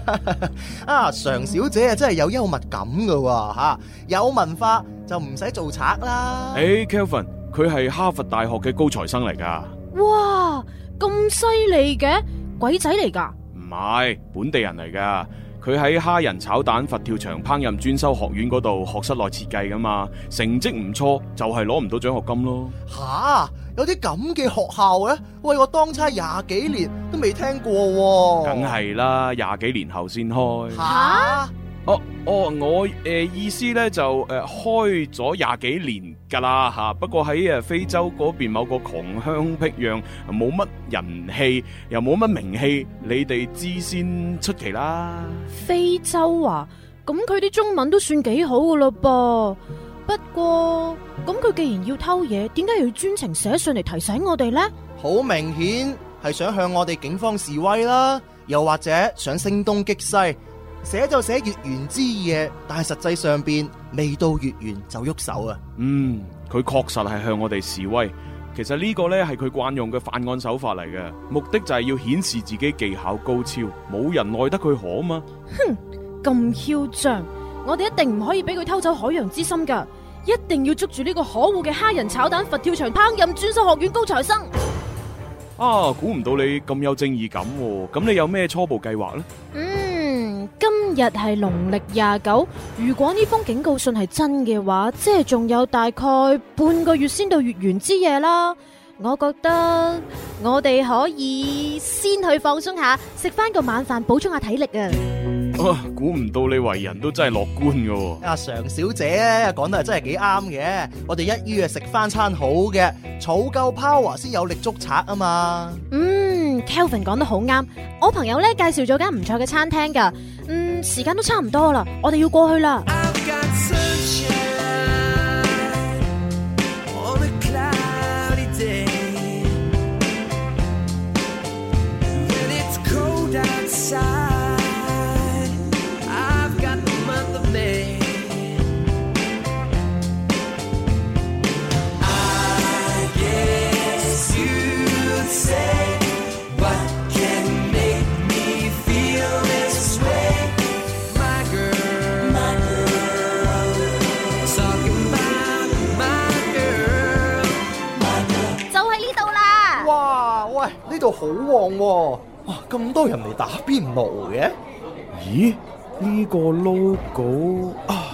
啊，常小姐啊，真係有幽默感噶吓，啊，有文化就唔使做賊啦。誒、hey，Kelvin。佢係哈佛大學嘅高材生嚟噶，哇！咁犀利嘅鬼仔嚟噶？唔係，本地人嚟噶，佢喺蝦仁炒蛋佛跳牆烹飪專修學院嗰度學室內設計噶嘛，成績唔錯，就係攞唔到獎學金咯。吓，有啲咁嘅學校呢？喂，我當差廿幾年都未聽過、啊，梗係啦，廿幾年後先開。吓，哦、啊、哦、啊，我誒、呃、意思咧就誒、呃、開咗廿幾年。噶啦吓，不過喺誒非洲嗰邊某個窮鄉僻壤，冇乜人氣，又冇乜名氣，你哋知先出奇啦。非洲啊，咁佢啲中文都算幾好噶咯噃。不過，咁佢既然要偷嘢，點解要專程寫上嚟提醒我哋呢？好明顯係想向我哋警方示威啦，又或者想聲東擊西，寫就寫月圓之夜，但係實際上邊。未到月圓就喐手啊！嗯，佢確實係向我哋示威。其實呢個呢，係佢慣用嘅犯案手法嚟嘅，目的就係要顯示自己技巧高超，冇人奈得佢何嘛。哼，咁囂張，我哋一定唔可以俾佢偷走海洋之心噶！一定要捉住呢個可惡嘅蝦仁炒蛋佛跳牆烹飪專修學院高材生。啊，估唔到你咁有正義感啊，咁你有咩初步計劃呢？嗯。今日係農曆廿九，如果呢封警告信係真嘅話，即係仲有大概半個月先到月圓之夜啦。我覺得我哋可以先去放鬆下，食翻個晚飯，補充下體力啊！啊，估唔到你為人都真係樂觀噶！阿、啊、常小姐講得真係幾啱嘅，我哋一於啊食翻餐好嘅，儲夠 power 先有力捉賊啊嘛！嗯，Kelvin 講得好啱，我朋友咧介紹咗間唔錯嘅餐廳噶，嗯，時間都差唔多啦，我哋要過去啦。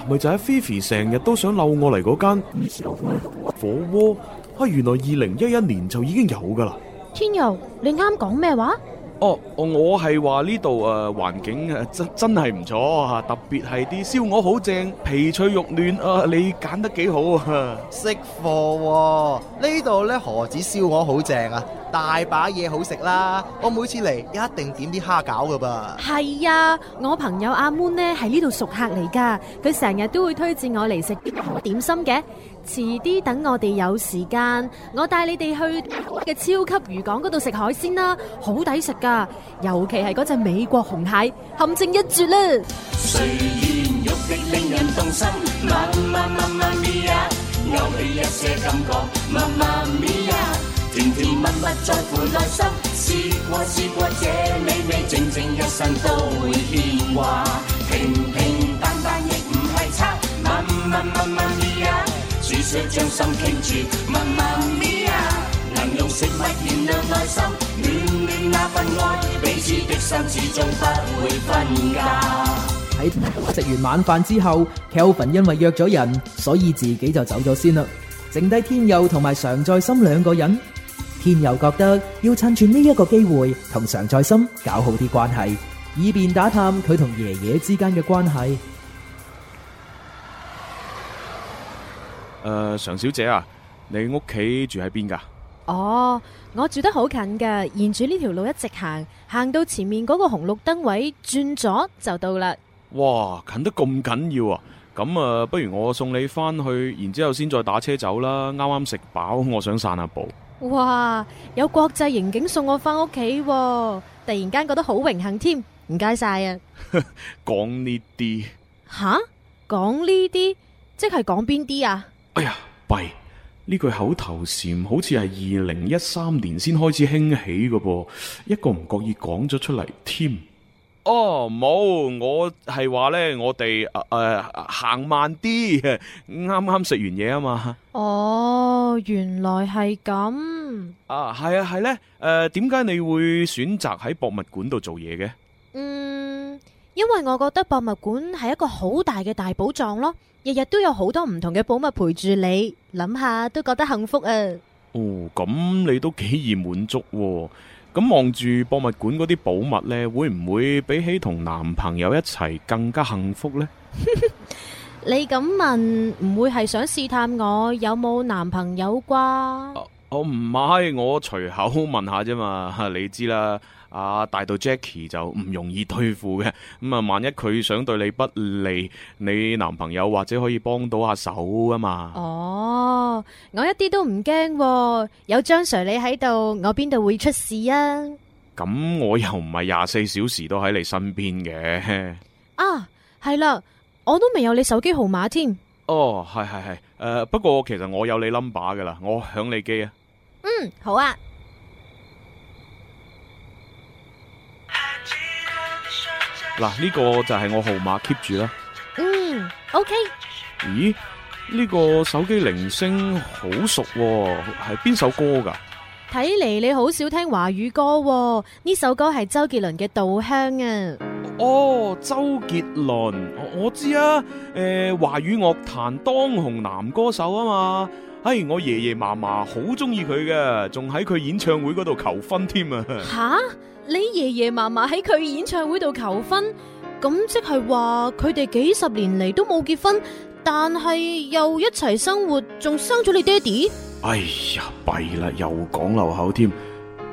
咪就喺、是、Fifi 成日都想溜我嚟嗰間火鍋，啊，原來二零一一年就已經有噶啦！天佑，你啱講咩話？哦，我係話呢度啊，環境啊真真係唔錯啊，特別係啲燒鵝好正，皮脆肉嫩啊，你揀得幾好啊！識貨喎，呢度咧何止燒鵝好正啊！大把嘢好食啦！我每次嚟一定點啲蝦餃噶噃。係啊，我朋友阿 moon 呢喺呢度熟客嚟噶，佢成日都會推薦我嚟食點心嘅。遲啲等我哋有時間，我帶你哋去嘅超級漁港嗰度食海鮮啦，好抵食噶，尤其係嗰隻美國紅蟹，陷阱一絕啦！甜甜蜜蜜在乎內心，試過試過這美味，整整一生都會牽掛。平平淡淡亦唔係差，媽媽媽媽。咪呀，只需將心傾住。媽媽咪呀、啊，能用食物暖暖內心，暖暖那份愛，彼此的心始終不會分家。喺食完晚飯之後，Kelvin 因為約咗人，所以自己就走咗先啦，剩低天佑同埋常在心兩個人。天佑覺得要趁住呢一個機會同常在心搞好啲關係，以便打探佢同爺爺之間嘅關係。誒、呃，常小姐啊，你屋企住喺邊噶？哦，我住得好近噶，沿住呢條路一直行，行到前面嗰個紅綠燈位轉咗就到啦。哇，近得咁緊要啊！咁啊，不如我送你翻去，然之後先再打車走啦。啱啱食飽，我想散下步。哇！有國際刑警送我翻屋企，突然間覺得好榮幸添，唔該晒啊！講呢啲吓，講呢啲即係講邊啲啊？哎呀，弊！呢句口頭禪好似係二零一三年先開始興起噶噃，一個唔覺意講咗出嚟添。哦，冇，我係話呢，我哋誒行慢啲，啱啱食完嘢啊嘛。哦，原來係咁。啊，係啊，係呢、啊。誒、呃，點解你會選擇喺博物館度做嘢嘅？嗯，因為我覺得博物館係一個好大嘅大寶藏咯，日日都有好多唔同嘅寶物陪住你，諗下都覺得幸福啊。哦，咁你都幾易滿足喎。咁望住博物館嗰啲寶物呢，會唔會比起同男朋友一齊更加幸福呢？ 你咁問唔會係想試探我有冇男朋友啩？啊，我唔係，我隨口問下啫嘛，你知啦。啊，大到 Jacky 就唔容易對付嘅，咁啊，萬一佢想對你不利，你男朋友或者可以幫到下、啊、手啊嘛。哦，我一啲都唔驚、哦，有張 Sir 你喺度，我邊度會出事啊？咁我又唔係廿四小時都喺你身邊嘅。啊，係啦，我都未有你手機號碼添。哦，係係係，誒、呃，不過其實我有你 number 噶啦，我響你機啊。嗯，好啊。嗱，呢個就係我號碼 keep 住啦。嗯，OK。咦，呢、這個手機鈴聲好熟喎，係邊首歌噶？睇嚟你好少聽華語歌喎，呢首歌係周杰倫嘅《稻香》啊。哦，周杰倫，我，我知啊，誒、呃，華語樂壇當紅男歌手啊嘛。哎，我爺爺嫲嫲好中意佢嘅，仲喺佢演唱會嗰度求婚添啊。吓？你爺爺嫲嫲喺佢演唱會度求婚，咁即係話佢哋幾十年嚟都冇結婚，但係又一齊生活，仲生咗你爹哋？哎呀，弊啦，又講漏口添，誒、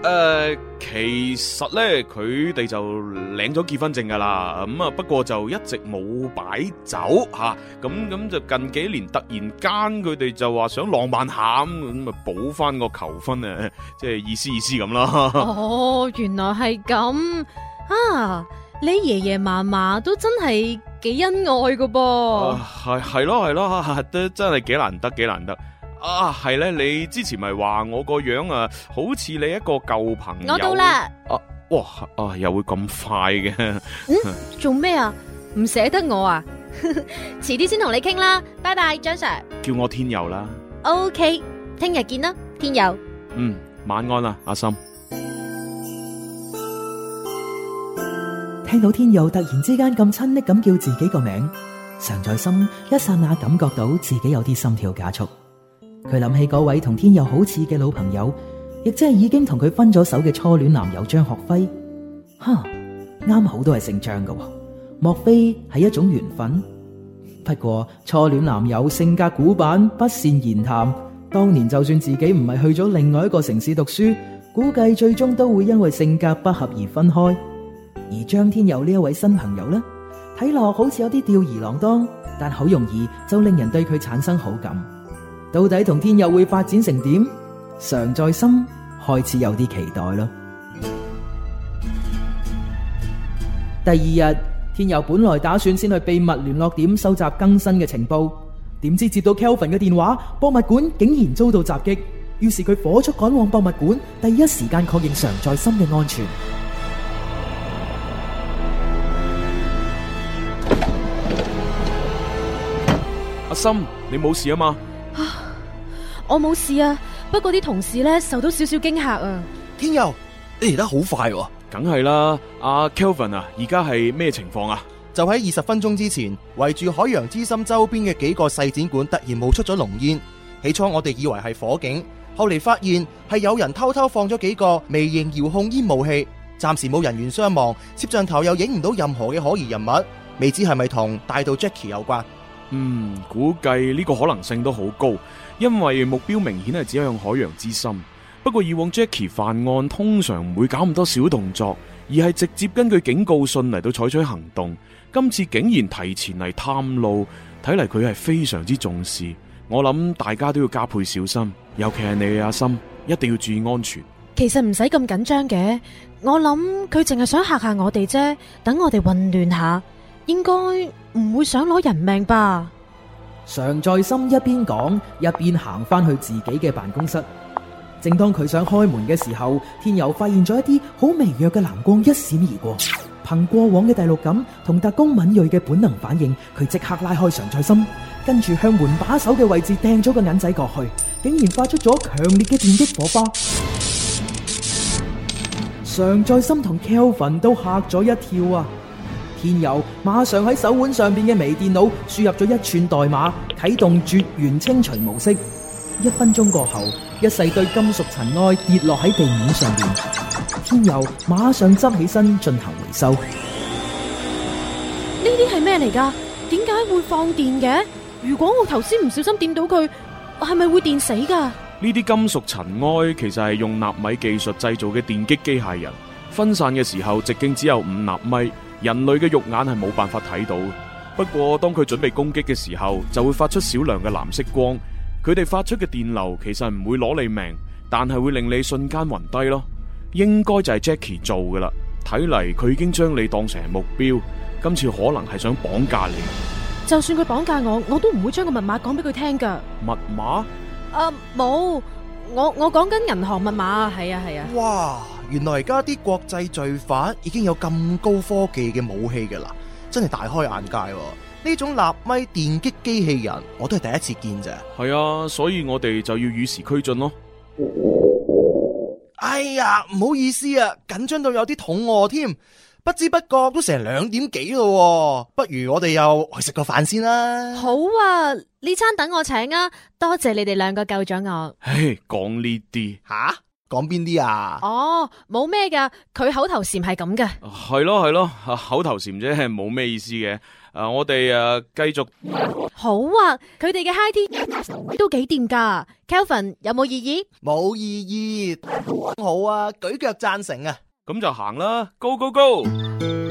呃。其實咧，佢哋就領咗結婚證噶啦，咁啊，不過就一直冇擺酒吓，咁、啊、咁就近幾年突然間佢哋就話想浪漫下咁，咪啊補翻個求婚啊，即係意思意思咁啦。哦，原來係咁啊！你爺爺嫲嫲都真係幾恩愛噶噃，係係咯係咯，都真係幾難得，幾難得。挺難得啊，係咧！你之前咪話我個樣啊，好似你一個舊朋友。我到啦。啊，哇，啊，又會咁快嘅？ 嗯，做咩啊？唔捨得我啊？遲啲先同你傾啦，拜拜，張 Sir。叫我天佑啦。OK，聽日見啦，天佑。嗯，晚安啦，阿心。聽到天佑突然之間咁親昵咁叫自己個名，常在心一刹那感覺到自己有啲心跳加速。佢諗起嗰位同天佑好似嘅老朋友，亦即係已經同佢分咗手嘅初戀男友張學輝，哈，啱好都係姓張嘅，莫非係一種緣分？不過初戀男友性格古板，不善言談，當年就算自己唔係去咗另外一個城市讀書，估計最終都會因為性格不合而分開。而張天佑呢一位新朋友呢，睇落好似有啲吊兒郎當，但好容易就令人對佢產生好感。到底同天佑會發展成點？常在心開始有啲期待咯。第二日，天佑本來打算先去秘密聯絡點收集更新嘅情報，點知接到 Kelvin 嘅電話，博物館竟然遭到襲擊。於是佢火速趕往博物館，第一時間確認常在心嘅安全。阿心，你冇事啊嘛？我冇事啊，不過啲同事咧受到少少驚嚇啊。天佑，你嚟得好快。梗係啦。阿 Kelvin 啊，而家係咩情況啊？就喺二十分鐘之前，圍住海洋之心周邊嘅幾個細展館突然冒出咗濃煙，起初我哋以為係火警，後嚟發現係有人偷偷放咗幾個微型遙控煙霧器。暫時冇人員傷亡，攝像頭又影唔到任何嘅可疑人物，未知係咪同大盜 Jackie 有關？嗯，估計呢個可能性都好高。因為目標明顯係指向海洋之心，不過以往 Jackie 犯案通常唔會搞咁多小動作，而係直接根據警告信嚟到採取行動。今次竟然提前嚟探路，睇嚟佢係非常之重視。我諗大家都要加倍小心，尤其係你嘅阿心，一定要注意安全。其實唔使咁緊張嘅，我諗佢淨係想吓吓我哋啫，等我哋混亂下，應該唔會想攞人命吧。常在心一邊講一邊行翻去自己嘅辦公室，正當佢想開門嘅時候，天佑發現咗一啲好微弱嘅藍光一閃而過。憑過往嘅第六感同特工敏銳嘅本能反應，佢即刻拉開常在心，跟住向門把手嘅位置掟咗個銀仔過去，竟然發出咗強烈嘅電擊火花。常在心同 Kelvin 都嚇咗一跳啊！天佑馬上喺手腕上邊嘅微電腦輸入咗一串代碼，啟動絕緣清除模式。一分鐘過後，一細堆金屬塵埃跌落喺地面上面。天佑馬上執起身進行回收。呢啲係咩嚟噶？點解會放電嘅？如果我頭先唔小心掂到佢，係咪會電死噶？呢啲金屬塵埃其實係用納米技術製造嘅電擊機械人，分散嘅時候直徑只有五納米。人類嘅肉眼係冇辦法睇到，不過當佢準備攻擊嘅時候，就會發出少量嘅藍色光。佢哋發出嘅電流其實唔會攞你命，但係會令你瞬間暈低咯。應該就係 Jackie 做嘅啦。睇嚟佢已經將你當成目標，今次可能係想綁架你。就算佢綁架我，我都唔會將個密碼講俾佢聽噶。密碼？呃、沒密碼啊，冇。我我講緊銀行密碼啊，係啊係啊。哇！原來而家啲國際罪犯已經有咁高科技嘅武器㗎啦，真係大開眼界。呢種納米電擊機器人我都係第一次見啫。係啊，所以我哋就要與時俱進咯。哎呀，唔好意思啊，緊張到有啲肚餓我添，不知不覺都成兩點幾咯。不如我哋又去食個飯先啦。好啊，呢餐等我請啊，多謝你哋兩個救咗我。唉， 講呢啲吓。講邊啲啊？哦，冇咩噶，佢口頭禪係咁嘅，係咯係咯，口頭禪啫，係冇咩意思嘅、啊。我哋、啊、繼續好啊，佢哋嘅 high tea 都幾掂噶，Calvin 有冇異議？冇異議，好啊，好啊，舉腳贊成啊，咁就行啦，Go Go Go！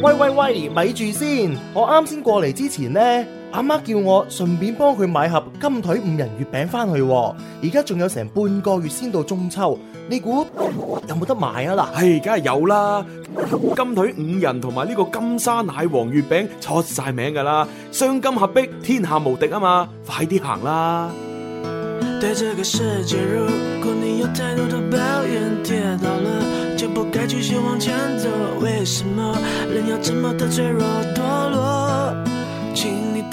喂喂喂，咪住先，我啱先過嚟之前咧，阿媽叫我順便幫佢買盒金腿五仁月餅翻去，而家仲有成半個月先到中秋，你估有冇得買啊嗱？唉，梗係有啦，金腿五仁同埋呢個金沙奶黃月餅出晒名噶啦，雙金合璧，天下無敵啊嘛，快啲行啦！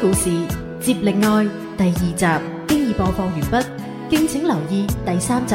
故事接力愛第二集，經已播放完畢，敬請留意第三集。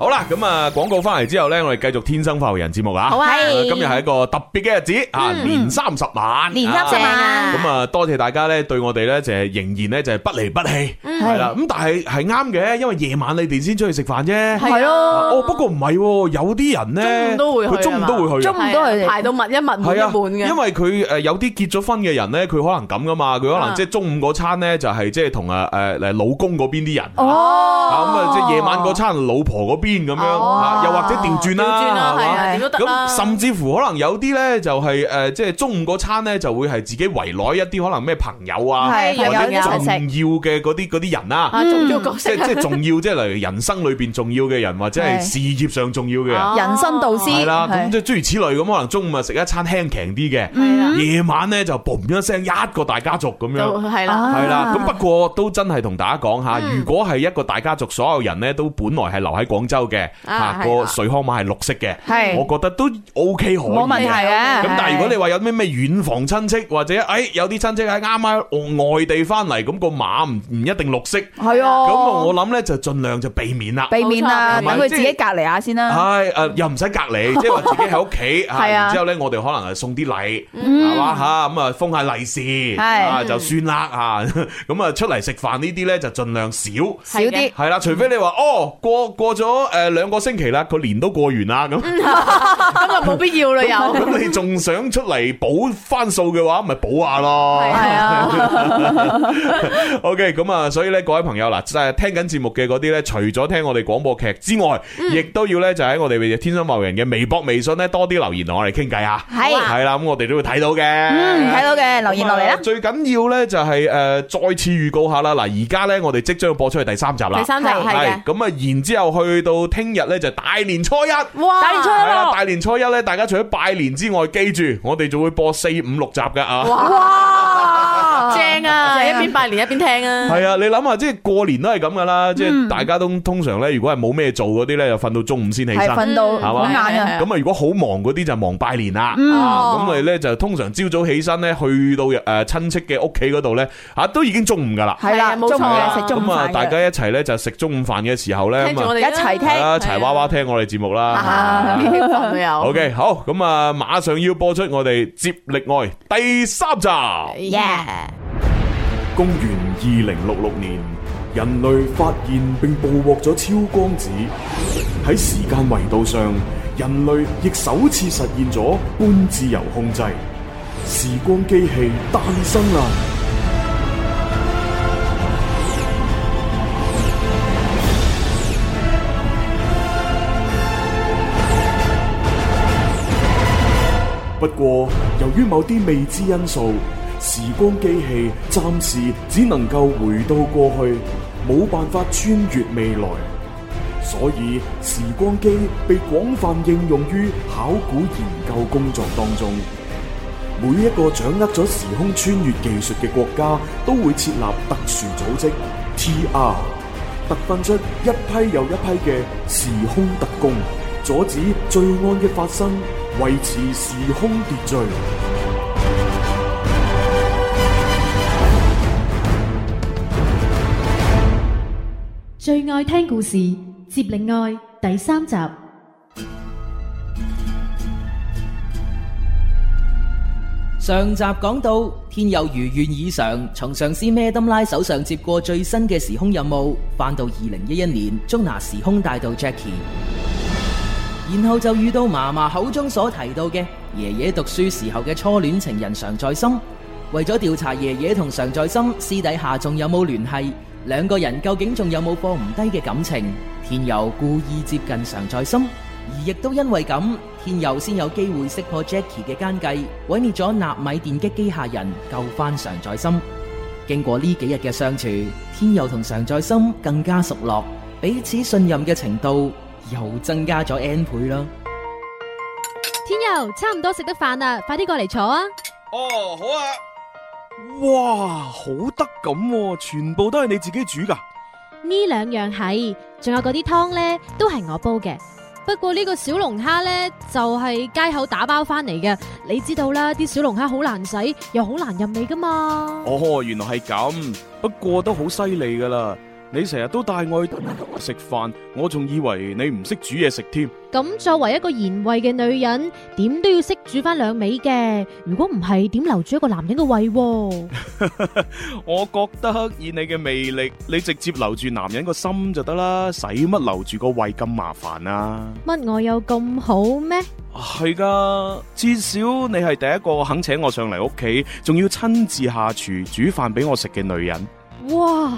好啦，咁啊廣告翻嚟之後咧，我哋繼續天生發福人節目啊！好啊，今日係一個特別嘅日子啊、嗯，年三十晚，年三十晚咁啊，多謝大家咧，對我哋咧就係仍然咧就係不離不棄，係、嗯、啦。咁但係係啱嘅，因為夜晚你哋先出去食飯啫，係咯、啊。哦，不過唔係喎，有啲人咧，佢中午都會去，中午都會去，中午都會去，中午都係排到密一密滿一滿嘅。因為佢誒有啲結咗婚嘅人咧，佢可能咁噶嘛，佢可能即係中午嗰餐咧就係即係同啊誒誒老公嗰邊啲人，哦，咁啊即係夜晚嗰餐老婆嗰邊。咁樣、哦，又或者調轉啦，咁甚至乎可能有啲咧、就係，就係誒，即係中午嗰餐咧，就會係自己圍內一啲，可能咩朋友啊，是是重要嘅嗰啲嗰啲人啦、啊，即係即係重要，即係嚟人生裏邊重要嘅人、嗯，或者係事業上重要嘅人人生導師。係啦，咁即係諸如此類咁，可能中午啊食一餐輕強啲嘅，夜晚咧就嘣一聲一個大家族咁樣，係、啊、啦，係、啊、啦。咁不過都真係同大家講下、嗯，如果係一個大家族，所有人咧都本來係留喺廣州。嘅，吓個穗康碼係綠色嘅，係，我覺得都 O K 可以。冇問題啊，咁但係如果你話有咩咩遠房親戚或者誒有啲親戚喺啱啱外地翻嚟，咁個碼唔唔一定綠色，係啊。咁啊，我諗咧就盡量就避免啦，避免啦，等佢自己隔離下先啦。係誒，又唔使隔離，即係話自己喺屋企。係啊。之後咧，我哋可能係送啲禮，係嘛吓，咁啊封下利是，係啊，就算啦啊。咁啊，出嚟食飯呢啲咧就盡量少，少啲，係啦，除非你話哦過過咗。誒，兩個星期啦，個年都過完啦，咁咁就冇必要啦，又、呃、咁 你仲想出嚟補翻數嘅話，咪補下咯。係啊，OK，咁啊， okay, 所以咧，各位朋友啦，即係聽緊節目嘅嗰啲咧，除咗聽我哋廣播劇之外，亦、嗯、都要咧就喺我哋嘅天生茂人嘅微博、微信咧多啲留言同我哋傾偈下。係係啦，咁、啊啊、我哋都會睇到嘅，嗯，睇到嘅留言落嚟啦。最緊要咧就係誒，再次預告下啦，嗱，而家咧我哋即將要播出去第三集啦，第三集係咁啊，然之後去到。到聽日咧就大年初一，大年初一，大年初一咧，大家除咗拜年之外，記住我哋就會播四五六集嘅啊！哇，正啊， 一邊拜年一邊聽啊！係啊，你諗下，即係過年都係咁噶啦，即係大家都通常咧，如果係冇咩做嗰啲咧，就瞓到中午先起身，瞓到係嘛，咁啊，啊如果好忙嗰啲就忙拜年啦，咁咪咧就通常朝早起身咧，去到誒親戚嘅屋企嗰度咧，吓都已經中午噶啦，係啦，冇錯啦，咁啊，吃大家一齊咧就食中午飯嘅時候咧，聽我哋一齊聽係啦，柴娃娃聽我哋節目啦！OK 好，咁啊，馬上要播出我哋接力愛第三集。Yeah. 公元二零六六年，人類發現並捕獲咗超光子，喺時間維度上，人類亦首次實現咗半自由控制，時光機器誕生啦！不過由於某啲未知因素，時光機器暫時只能夠回到過去，冇辦法穿越未來。所以時光機被廣泛應用於考古研究工作當中。每一個掌握咗時空穿越技術嘅國家，都會設立特殊組織 TR，特訓出一批又一批嘅時空特工，阻止罪案嘅發生。維持時空秩序。最愛聽故事《接力愛》第三集。上集講到，天佑如願以償，從上司咩墩拉手上接過最新嘅時空任務，返到二零一一年捉拿時空大盜 Jackie。然後就遇到嫲嫲口中所提到嘅爺爺讀書時候嘅初戀情人常在心。為咗調查爺爺同常在心私底下仲有冇聯繫，兩個人究竟仲有冇放唔低嘅感情，天佑故意接近常在心，而亦都因為咁，天佑先有機會識破 Jackie 嘅奸計，毀滅咗納米電擊機械人，救翻常在心。經過呢幾日嘅相處，天佑同常在心更加熟絡，彼此信任嘅程度。又增加咗 n 倍啦！天佑，差唔多食得飯啦，快啲過嚟坐啊！哦，好啊！哇，好得咁，全部都係你自己煮噶？呢兩樣係，仲有嗰啲湯呢，都係我煲嘅。不過呢個小龍蝦呢，就係街口打包翻嚟嘅。你知道啦，啲小龍蝦好難洗，又好難入味噶嘛。哦，原來係咁，不過都好犀利噶啦。你成日都帶我去食飯，我仲以為你唔識煮嘢食添。咁作為一個賢惠嘅女人，點都要識煮翻兩味嘅。如果唔係，點留住一個男人個胃喎？ 我覺得以你嘅魅力，你直接留住男人個心就得啦，使乜留住個胃咁麻煩啊？乜我有咁好咩？係噶，至少你係第一個肯請我上嚟屋企，仲要親自下廚煮飯俾我食嘅女人。哇！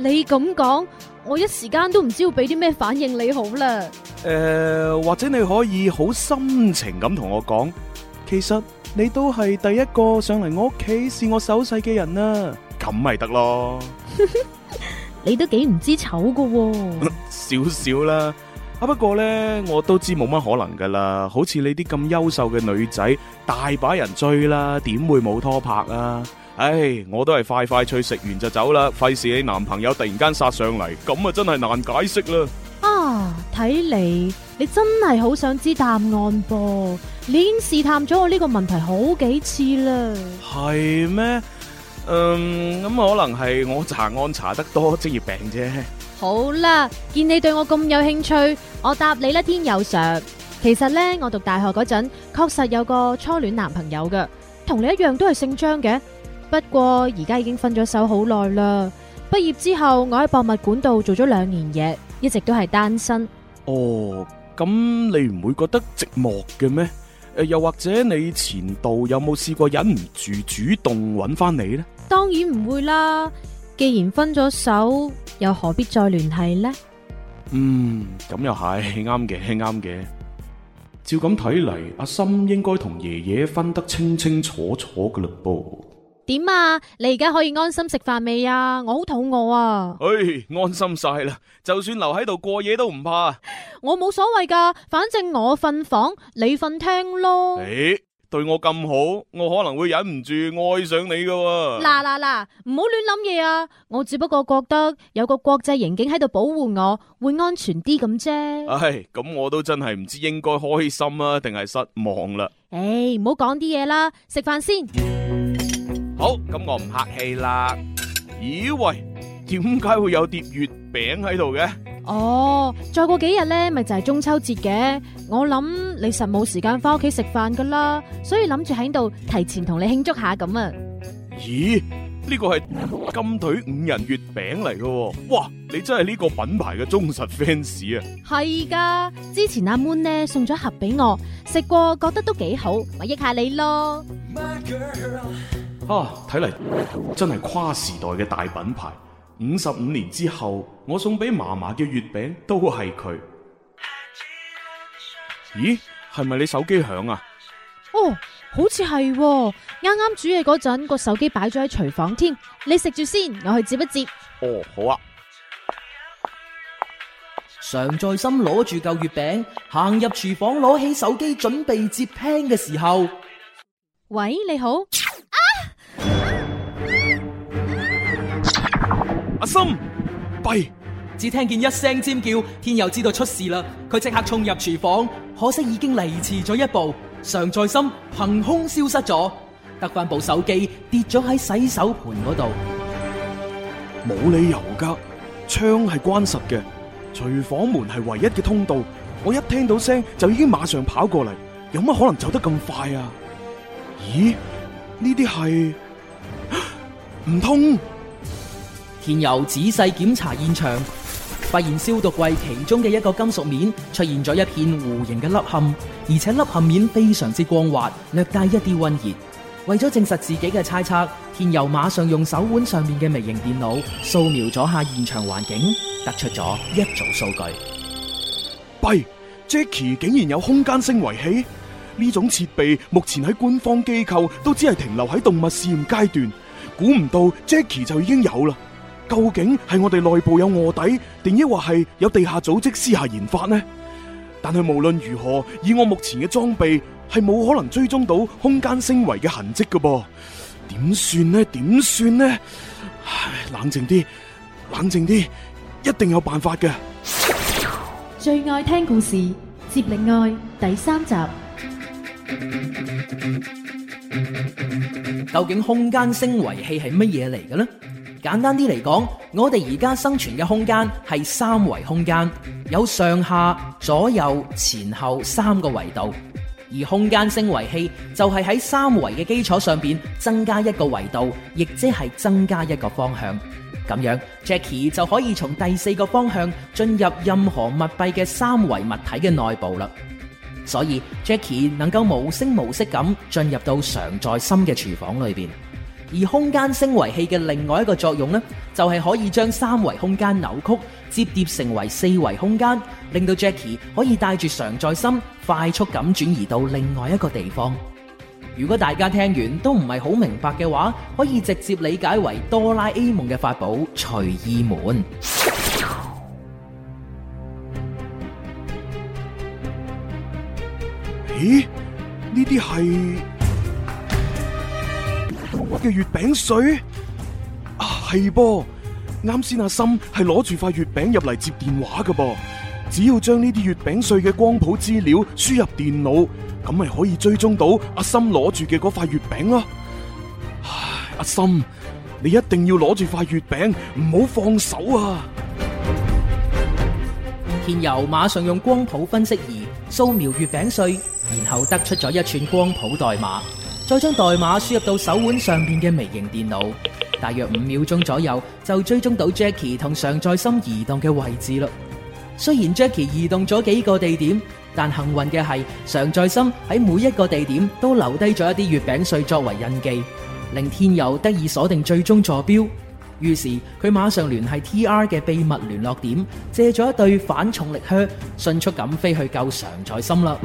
你咁講，我一時間都唔知要俾啲咩反應你好啦。誒、呃，或者你可以好深情咁同我講，其實你都係第一個上嚟我屋企試我手勢嘅人啊，咁咪得咯。 你都幾唔知醜噶。哦，少 少啦。啊，不過呢，我都知冇乜可能噶啦。好似你啲咁優秀嘅女仔，大把人追啦，點會冇拖拍啊？唉，我都係快快脆食完就走啦，費事你男朋友突然間殺上嚟，咁啊真係難解釋啦。啊，睇嚟你真係好想知答案噃，你已經試探咗我呢個問題好幾次啦。係咩？嗯，咁可能係我查案查得多，職業病啫。好啦，見你對我咁有興趣，我答你啦。天佑 Sir，其實呢，我讀大學嗰陣確實有個初戀男朋友噶，同你一樣都係姓張嘅。不過而家已經分咗手好耐啦。畢業之後，我喺博物館度做咗兩年嘢，一直都係單身。哦，咁你唔會覺得寂寞嘅咩？呃，又或者你前度有冇試過忍唔住主動揾翻你呢？當然唔會啦，既然分咗手了，又何必再聯繫呢？嗯，咁又係啱嘅，啱嘅。照咁睇嚟，阿心應該同爺爺分得清清楚楚嘅嘞，噃。點啊？你而家可以安心食飯未啊？我好肚餓啊、哎！唉，安心晒啦，就算留喺度過夜都唔怕。我冇所謂噶，反正我瞓房，你瞓廳咯。誒、哎，對我咁好，我可能會忍唔住愛上你噶、啊。嗱嗱嗱，唔好亂諗嘢啊！我只不過覺得有個國際刑警喺度保護我會安全啲咁啫。唉、哎，咁我都真係唔知應該開心啊，定係失望啦。誒、哎，唔好講啲嘢啦，食飯先吃飯。好，咁我唔客氣啦。咦喂，點解會有碟月餅喺度嘅？哦，再過幾日咧，咪就係中秋節嘅。我諗你實冇時間翻屋企食飯噶啦，所以諗住喺度提前同你慶祝下咁啊。咦，呢個係金腿五仁月餅嚟噶？哇，你真係呢個品牌嘅忠實 fans 啊！係噶，之前阿 Moon 咧送咗盒俾我，食過覺得都幾好，我益下你咯。My girl. 啊！睇嚟真係跨時代嘅大品牌。五十五年之後，我送俾嫲嫲嘅月餅都係佢。咦？係咪你手機響啊？哦，好似係、哦。啱啱煮嘢嗰陣，個手機擺咗喺廚房添。你食住先，我去接一接。哦，好啊。常在心攞住嚿月餅，行入廚房攞起手機準備接 p 嘅時候，喂，你好。阿心，弊，只聽見一聲尖叫，天佑知道出事啦。佢即刻衝入廚房，可惜已經離遲咗一步。常在心憑空消失咗，得返部手機跌咗喺洗手盆嗰度。冇理由㗎，窗係關實嘅，廚房門係唯一嘅通道。我一聽到聲就已經馬上跑過嚟，有乜可能走得咁快啊？咦？呢啲係？唔通？田佑仔細檢查現場，發現消毒櫃其中嘅一個金屬面出現咗一片弧形嘅凹陷，而且凹陷面非常之光滑，略帶一啲溫熱。為咗證實自己嘅猜測，田佑馬上用手腕上面嘅微型電腦掃描咗下現場環境，得出咗一組數據。弊，Jackie 竟然有空間升維器？呢種設備目前喺官方機構都只係停留喺動物試驗階段。估唔到 Jackie 就已經有啦，究竟係我哋內部有臥底，定抑或係有地下組織私下研發呢？但係無論如何，以我目前嘅裝備係冇可能追蹤到空間升維嘅痕跡噶噃，點算呢？點算呢？唉，冷靜啲，冷靜啲，一定有辦法嘅。最愛聽故事，接力愛第三集。究竟空間升維器係乜嘢嚟嘅呢？簡單啲嚟講，我哋而家生存嘅空間係三維空間，有上下、左右、前後三個維度，而空間升維器就係喺三維嘅基礎上邊增加一個維度，亦即係增加一個方向。咁樣 Jackie 就可以從第四個方向進入任何密閉嘅三維物體嘅內部啦。所以 Jackie 能夠無聲無息咁進入到常在心嘅廚房裏邊，而空間升維器嘅另外一個作用呢，就係可以將三維空間扭曲折疊成為四維空間，令到 Jackie 可以帶住常在心快速咁轉移到另外一個地方。如果大家聽完都唔係好明白嘅話，可以直接理解為哆啦 A 夢嘅法寶隨意門。咦？呢啲係咩嘅月餅碎？啊，係噃！啱先阿森係攞住塊月餅入嚟接電話噶噃。只要將呢啲月餅碎嘅光譜資料輸入電腦，咁咪可以追蹤到阿森攞住嘅嗰塊月餅咯。唉，阿森，你一定要攞住塊月餅，唔好放手啊！天佑馬上用光譜分析儀。掃描月餅碎，然後得出咗一串光譜代碼，再將代碼輸入到手腕上邊嘅微型電腦，大約五秒鐘左右就追蹤到 Jackie 同常在心移動嘅位置啦。雖然 Jackie 移動咗幾個地點，但幸運嘅係常在心喺每一個地點都留低咗一啲月餅碎作為印記，令天佑得以鎖定最終坐標。於是佢馬上聯繫 TR 嘅秘密聯絡點，借咗一對反重力靴，迅速咁飛去救常在心了 在心啦。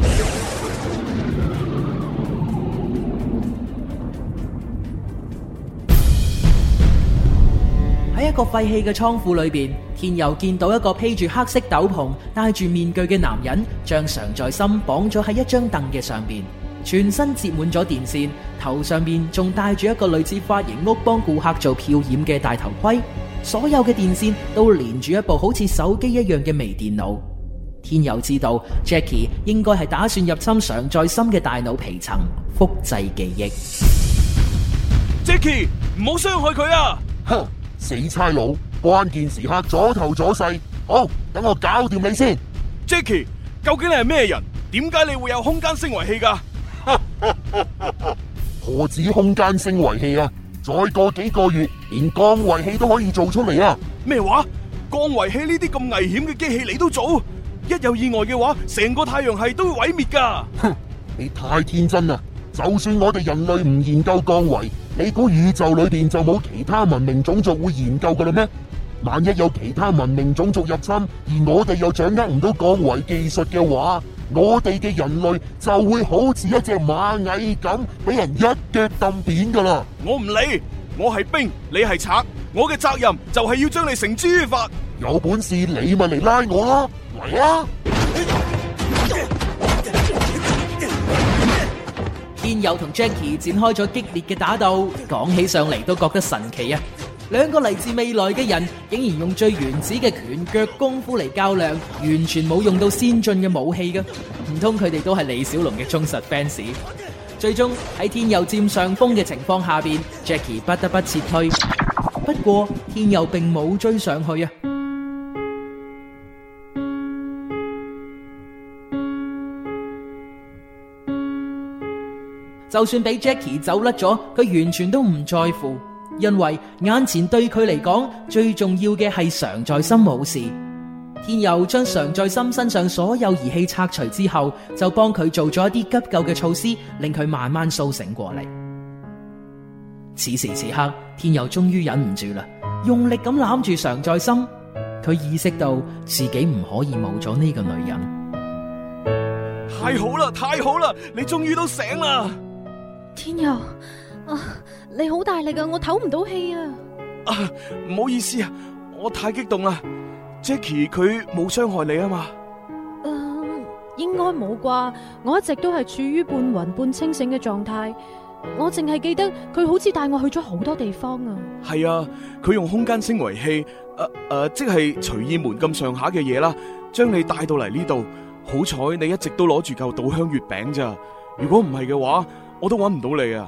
喺一個廢棄嘅倉庫裏邊，天佑見到一個披住黑色斗篷、戴住面具嘅男人，將常在心綁咗喺一張凳嘅上邊。全身接滿咗電線，頭上面仲戴住一個類似髮型屋幫顧客做漂染嘅大頭盔，所有嘅電線都連住一部好似手機一樣嘅微電腦。天佑知道 Jackie 應該係打算入侵常在心嘅大腦皮層，複製記憶。Jackie，唔好傷害佢啊！哼，死差佬，關鍵時刻左頭左勢，好，等我搞掂你先。Jackie，究竟你係咩人？點解你會有空間升維器噶？ 何止空間升為器啊！再過幾個月，連降維器都可以做出嚟啊！咩話？降維器呢啲咁危險嘅機器你都做？一有意外嘅話，成個太陽系都會毀滅噶！哼 ，你太天真啦！就算我哋人類唔研究降維，你估宇宙裏邊就冇其他文明種族會研究噶啦咩？萬一有其他文明種族入侵，而我哋又掌握唔到降維技術嘅話？我哋嘅人類就會好似一隻螞蟻咁，俾人一腳抌扁噶啦！我唔理，我係兵，你係賊，我嘅責任就係要將你繩之於法。有本事你咪嚟拉我啦，嚟啊！戰友同 Jackie 展開咗激烈嘅打鬥，講起上嚟都覺得神奇啊！兩個嚟自未來嘅人，竟然用最原始嘅拳腳功夫嚟較量，完全冇用到先進嘅武器㗎。唔通佢哋都係李小龍嘅忠實 fans？Okay. 最終喺天佑佔上風嘅情況下邊，Jackie 不得不撤退。不過天佑並冇追上去啊！就算俾 Jackie 走甩咗，佢完全都唔在乎。因為眼前對佢嚟講最重要嘅係常在心冇事，天佑將常在心身上所有儀器拆除之後，就幫佢做咗一啲急救嘅措施，令佢慢慢蘇醒過嚟。此時此刻，天佑終於忍唔住啦，用力咁攬住常在心，佢意識到自己唔可以冇咗呢個女人。太好啦，太好啦，你終於都醒啦，天佑。啊！你好大力噶，啊，我唞唔到氣啊！唔，啊，好意思啊，我太激動啦。Jackie 佢冇傷害你啊嘛？嗯，啊，應該冇啩。我一直都係處於半暈半清醒嘅狀態。我淨係記得佢好似帶我去咗好多地方啊。係啊，佢用空間升維器，誒，啊，誒，啊，即係隨意門咁上下嘅嘢啦，將你帶到嚟呢度。好彩你一直都攞住嚿稻香月餅咋？如果唔係嘅話，我都揾唔到你啊！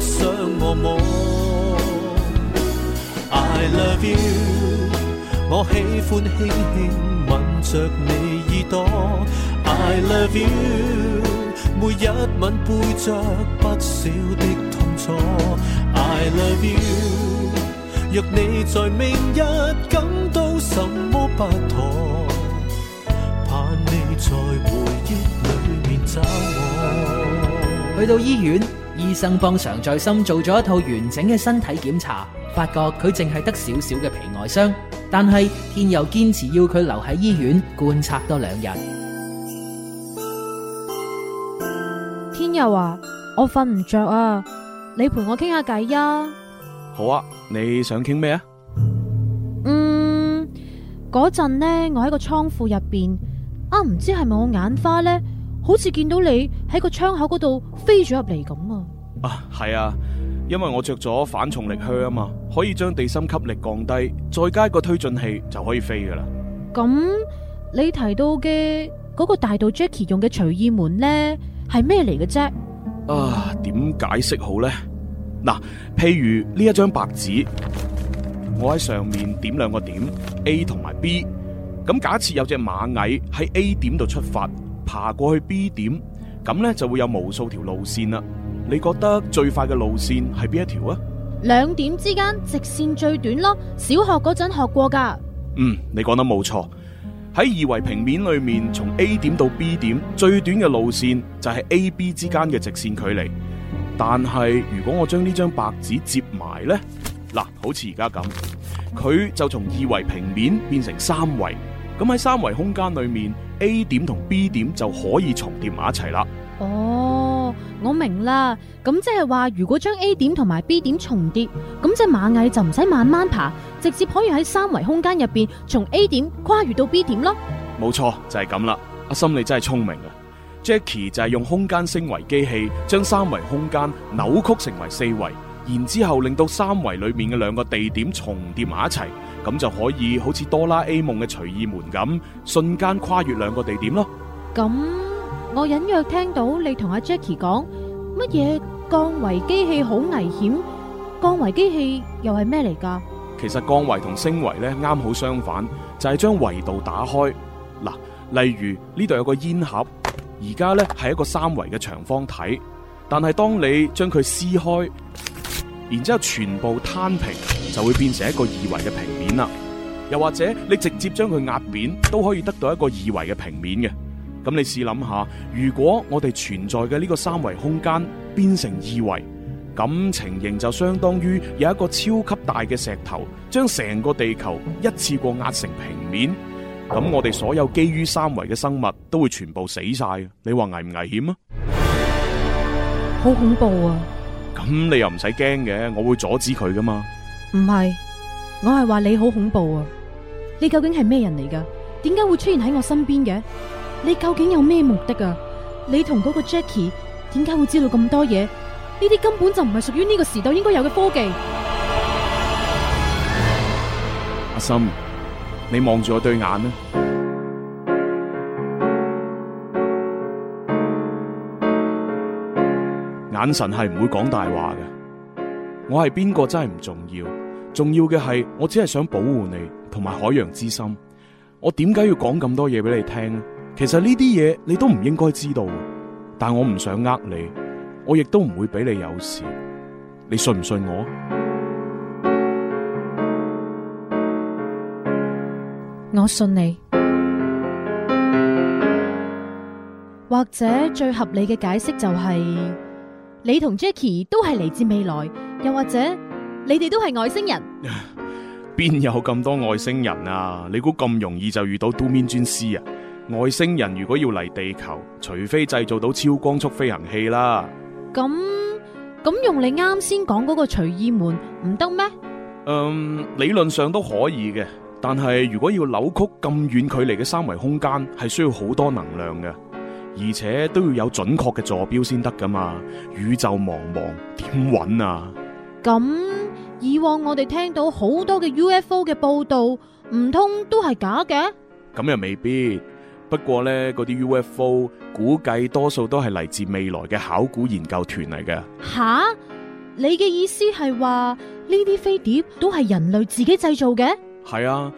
想我冇？I love you，我喜歡輕輕吻著你耳朵。I love you，每一吻背著不少的痛楚。I love you，若你在明日感到什麼不妥，盼你在回憶裏面找我。去到醫院。醫生幫常在心做咗一套完整嘅身體檢查，發覺佢淨係得少少嘅皮外傷，但係天佑堅持要佢留喺醫院觀察多兩日。天佑啊，我瞓唔着啊，你陪我傾下偈啊。好啊，你想傾咩啊？嗯，嗰陣呢，我喺個倉庫入邊，啊，唔知係咪我眼花呢，好似見到你喺個窗口嗰度飛咗入嚟咁啊！啊，係啊，因為我着咗反重力靴啊嘛，可以將地心吸力降低，再加一個推進器就可以飛噶啦。咁你提到嘅嗰、那個大道 Jackie 用嘅隨意門呢，係咩嚟嘅啫？啊，點解釋好呢？嗱、啊，譬如呢一張白紙，我喺上面點兩個點 A 同埋 B，咁假設有隻螞蟻喺 A 點度出發，爬過去 B 點，咁咧就會有無數條路線啦。你覺得最快嘅路線係邊一條啊？兩點之間直線最短咯，小學嗰陣學過噶。嗯，你講得冇錯。喺二維平面裏面，從 A 點到 B 點最短嘅路線就係 A B 之間嘅直線距離。但係如果我將呢張白紙接埋呢，嗱，好似而家咁，佢就從二維平面變成三維。咁喺三維空間裏面，A 點同 B 點就可以重疊埋一齊啦。哦。我明啦，咁即係話，如果將 A 點同埋 B 點重疊，咁隻螞蟻就唔使慢慢爬，直接可以喺三維空間入邊從 A 點跨越到 B 點咯。冇錯，就係咁啦。阿森你真係聰明啊，Jackie 就係用空間升維機器將三維空間扭曲成為四維，然之後令到三維裏面嘅兩個地點重疊埋一齊，咁就可以好似哆啦 A 夢嘅隨意門咁，瞬間跨越兩個地點咯。咁。我隱約聽到你同阿 Jacky 講乜嘢降維機器好危險，降維機器又係咩嚟噶？其實降維同升維咧啱好相反，就係將維度打開。嗱，例如呢度有個煙盒，而家咧係一個三維嘅長方體，但係當你將佢撕開，然之後全部攤平，就會變成一個二維嘅平面啦。又或者你直接將佢壓扁，都可以得到一個二維嘅平面嘅。咁你試諗下，如果我哋存在嘅呢個三維空間變成二維，咁情形就相當於有一個超級大嘅石頭，將成個地球一次過壓成平面，咁我哋所有基於三維嘅生物都會全部死晒。你話危唔危險啊？好恐怖啊！咁你又唔使驚嘅，我會阻止佢噶嘛？唔係，我係話你好恐怖啊！你究竟係咩人嚟噶？點解會出現喺我身邊嘅？你究竟有咩目的啊？你同嗰個 Jackie 點解會知道咁多嘢？呢啲根本就唔係屬於呢個時代應該有嘅科技。阿森，你望住我對眼啦。眼神係唔會講大話嘅。我係邊個真係唔重要，重要嘅係我只係想保護你同埋海洋之心。我點解要講咁多嘢俾你聽？其實呢啲嘢你都唔應該知道，但我唔想呃你，我亦都唔會俾你有事，你信唔信我？我信你。或者最合理嘅解釋就係、是、你同 Jackie 都係嚟自未來，又或者你哋都係外星人。邊 有咁多外星人啊？你估咁容易就遇到 do 面磚師啊？外星人如果要嚟地球，除非製造到超光速飛行器啦。咁咁用你啱先講嗰個隨意門唔得咩？嗯，理論上都可以嘅，但係如果要扭曲咁遠距離嘅三維空間，係需要好多能量嘅，而且都要有準確嘅坐標先得噶嘛。宇宙茫茫，點揾啊？咁、嗯、以往我哋聽到好多嘅 UFO 嘅報道，唔通都係假嘅？咁又未必。不過呢，嗰啲 UFO 估計多數都係嚟自未來嘅考古研究團嚟嘅。吓，你嘅意思係話呢啲飛碟都係人類自己製造嘅？係啊，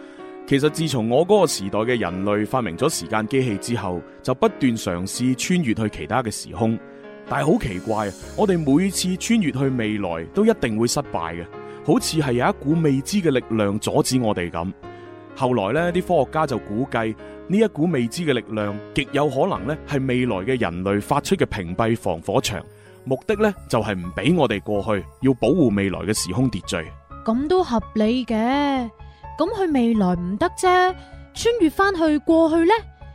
其實自從我嗰個時代嘅人類發明咗時間機器之後，就不斷嘗試穿越去其他嘅時空，但係好奇怪啊！我哋每次穿越去未來都一定會失敗嘅，好似係有一股未知嘅力量阻止我哋咁。後來呢啲科學家就估計。呢一股未知嘅力量，極有可能呢，係未來嘅人類發出嘅屏蔽防火牆，目的呢，就係唔俾我哋過去，要保護未來嘅時空秩序。咁都合理嘅，咁去未來唔得啫，穿越翻去過去呢，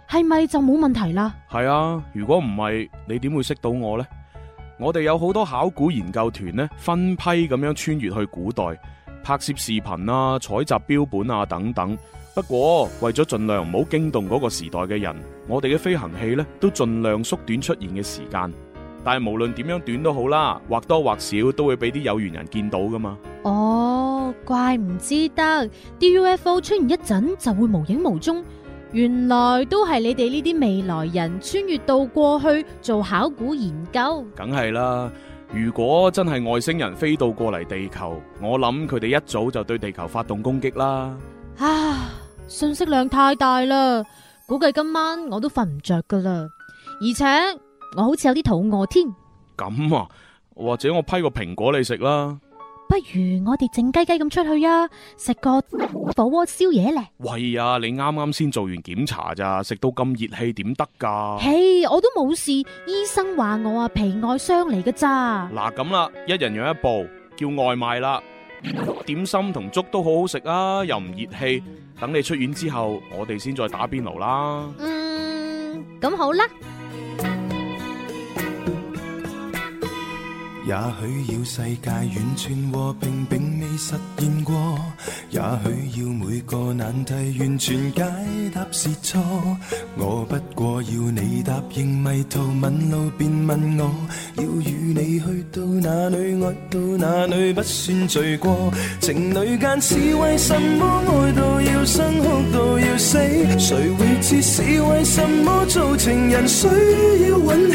係咪就冇問題啦？係啊，如果唔係，你點會識到我呢？我哋有好多考古研究團呢，分批咁樣穿越去古代拍攝視頻啊、採集標本啊等等。不過為咗盡量唔好驚動嗰個時代嘅人，我哋嘅飛行器呢，都盡量縮短出現嘅時間。但係無論點樣短都好啦，或多或少都會俾啲有緣人見到噶嘛。哦，怪唔知得，啲 UFO 出現一陣就會無影無蹤，原來都係你哋呢啲未來人穿越到過去做考古研究。梗係啦，如果真係外星人飛到過嚟地球，我諗佢哋一早就對地球發動攻擊啦。啊！信息量太大啦，估計今晚我都瞓唔着噶啦。而且我好似有啲肚餓添。咁啊，或者我批個蘋果你食啦。不如我哋靜雞雞咁出去呀，食個火鍋宵夜咧。喂呀、啊，你啱啱先做完檢查咋，食到咁熱氣點得噶？嘿，hey，我都冇事，醫生話我啊皮外傷嚟噶咋。嗱咁啦，一人讓一步，叫外賣啦。點心同粥都好好食啊，又唔熱氣。等你出院之後，我哋先再打邊爐啦。嗯，咁好啦。也許要世界完全和平並未實現過，也許要每個難題完全解答是錯。我不過要你答應迷途問路便問我，要與你去到哪裏愛到哪裏不算罪過。情侶間是為什麼愛到要生哭到要死，誰會知是為什麼做情人需要運氣？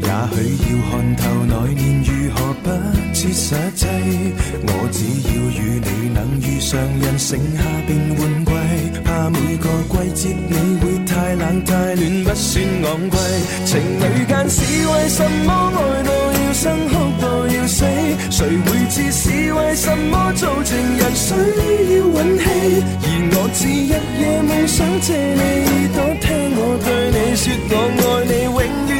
也許要看透內年如何不切實際。我只要與你能遇上，人剩下變換季。怕每個季節你會太冷太暖，不算昂貴。情侶間是為什麼愛到要生，哭到要死？誰會知是為什麼做情人需要運氣？而我只一夜夢想借你耳朵聽我對你說，我愛你永遠。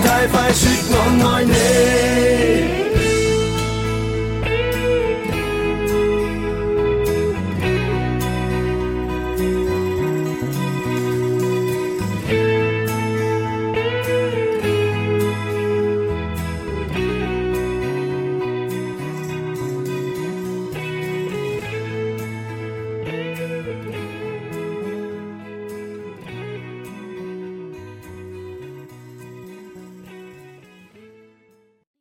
太快說我愛你。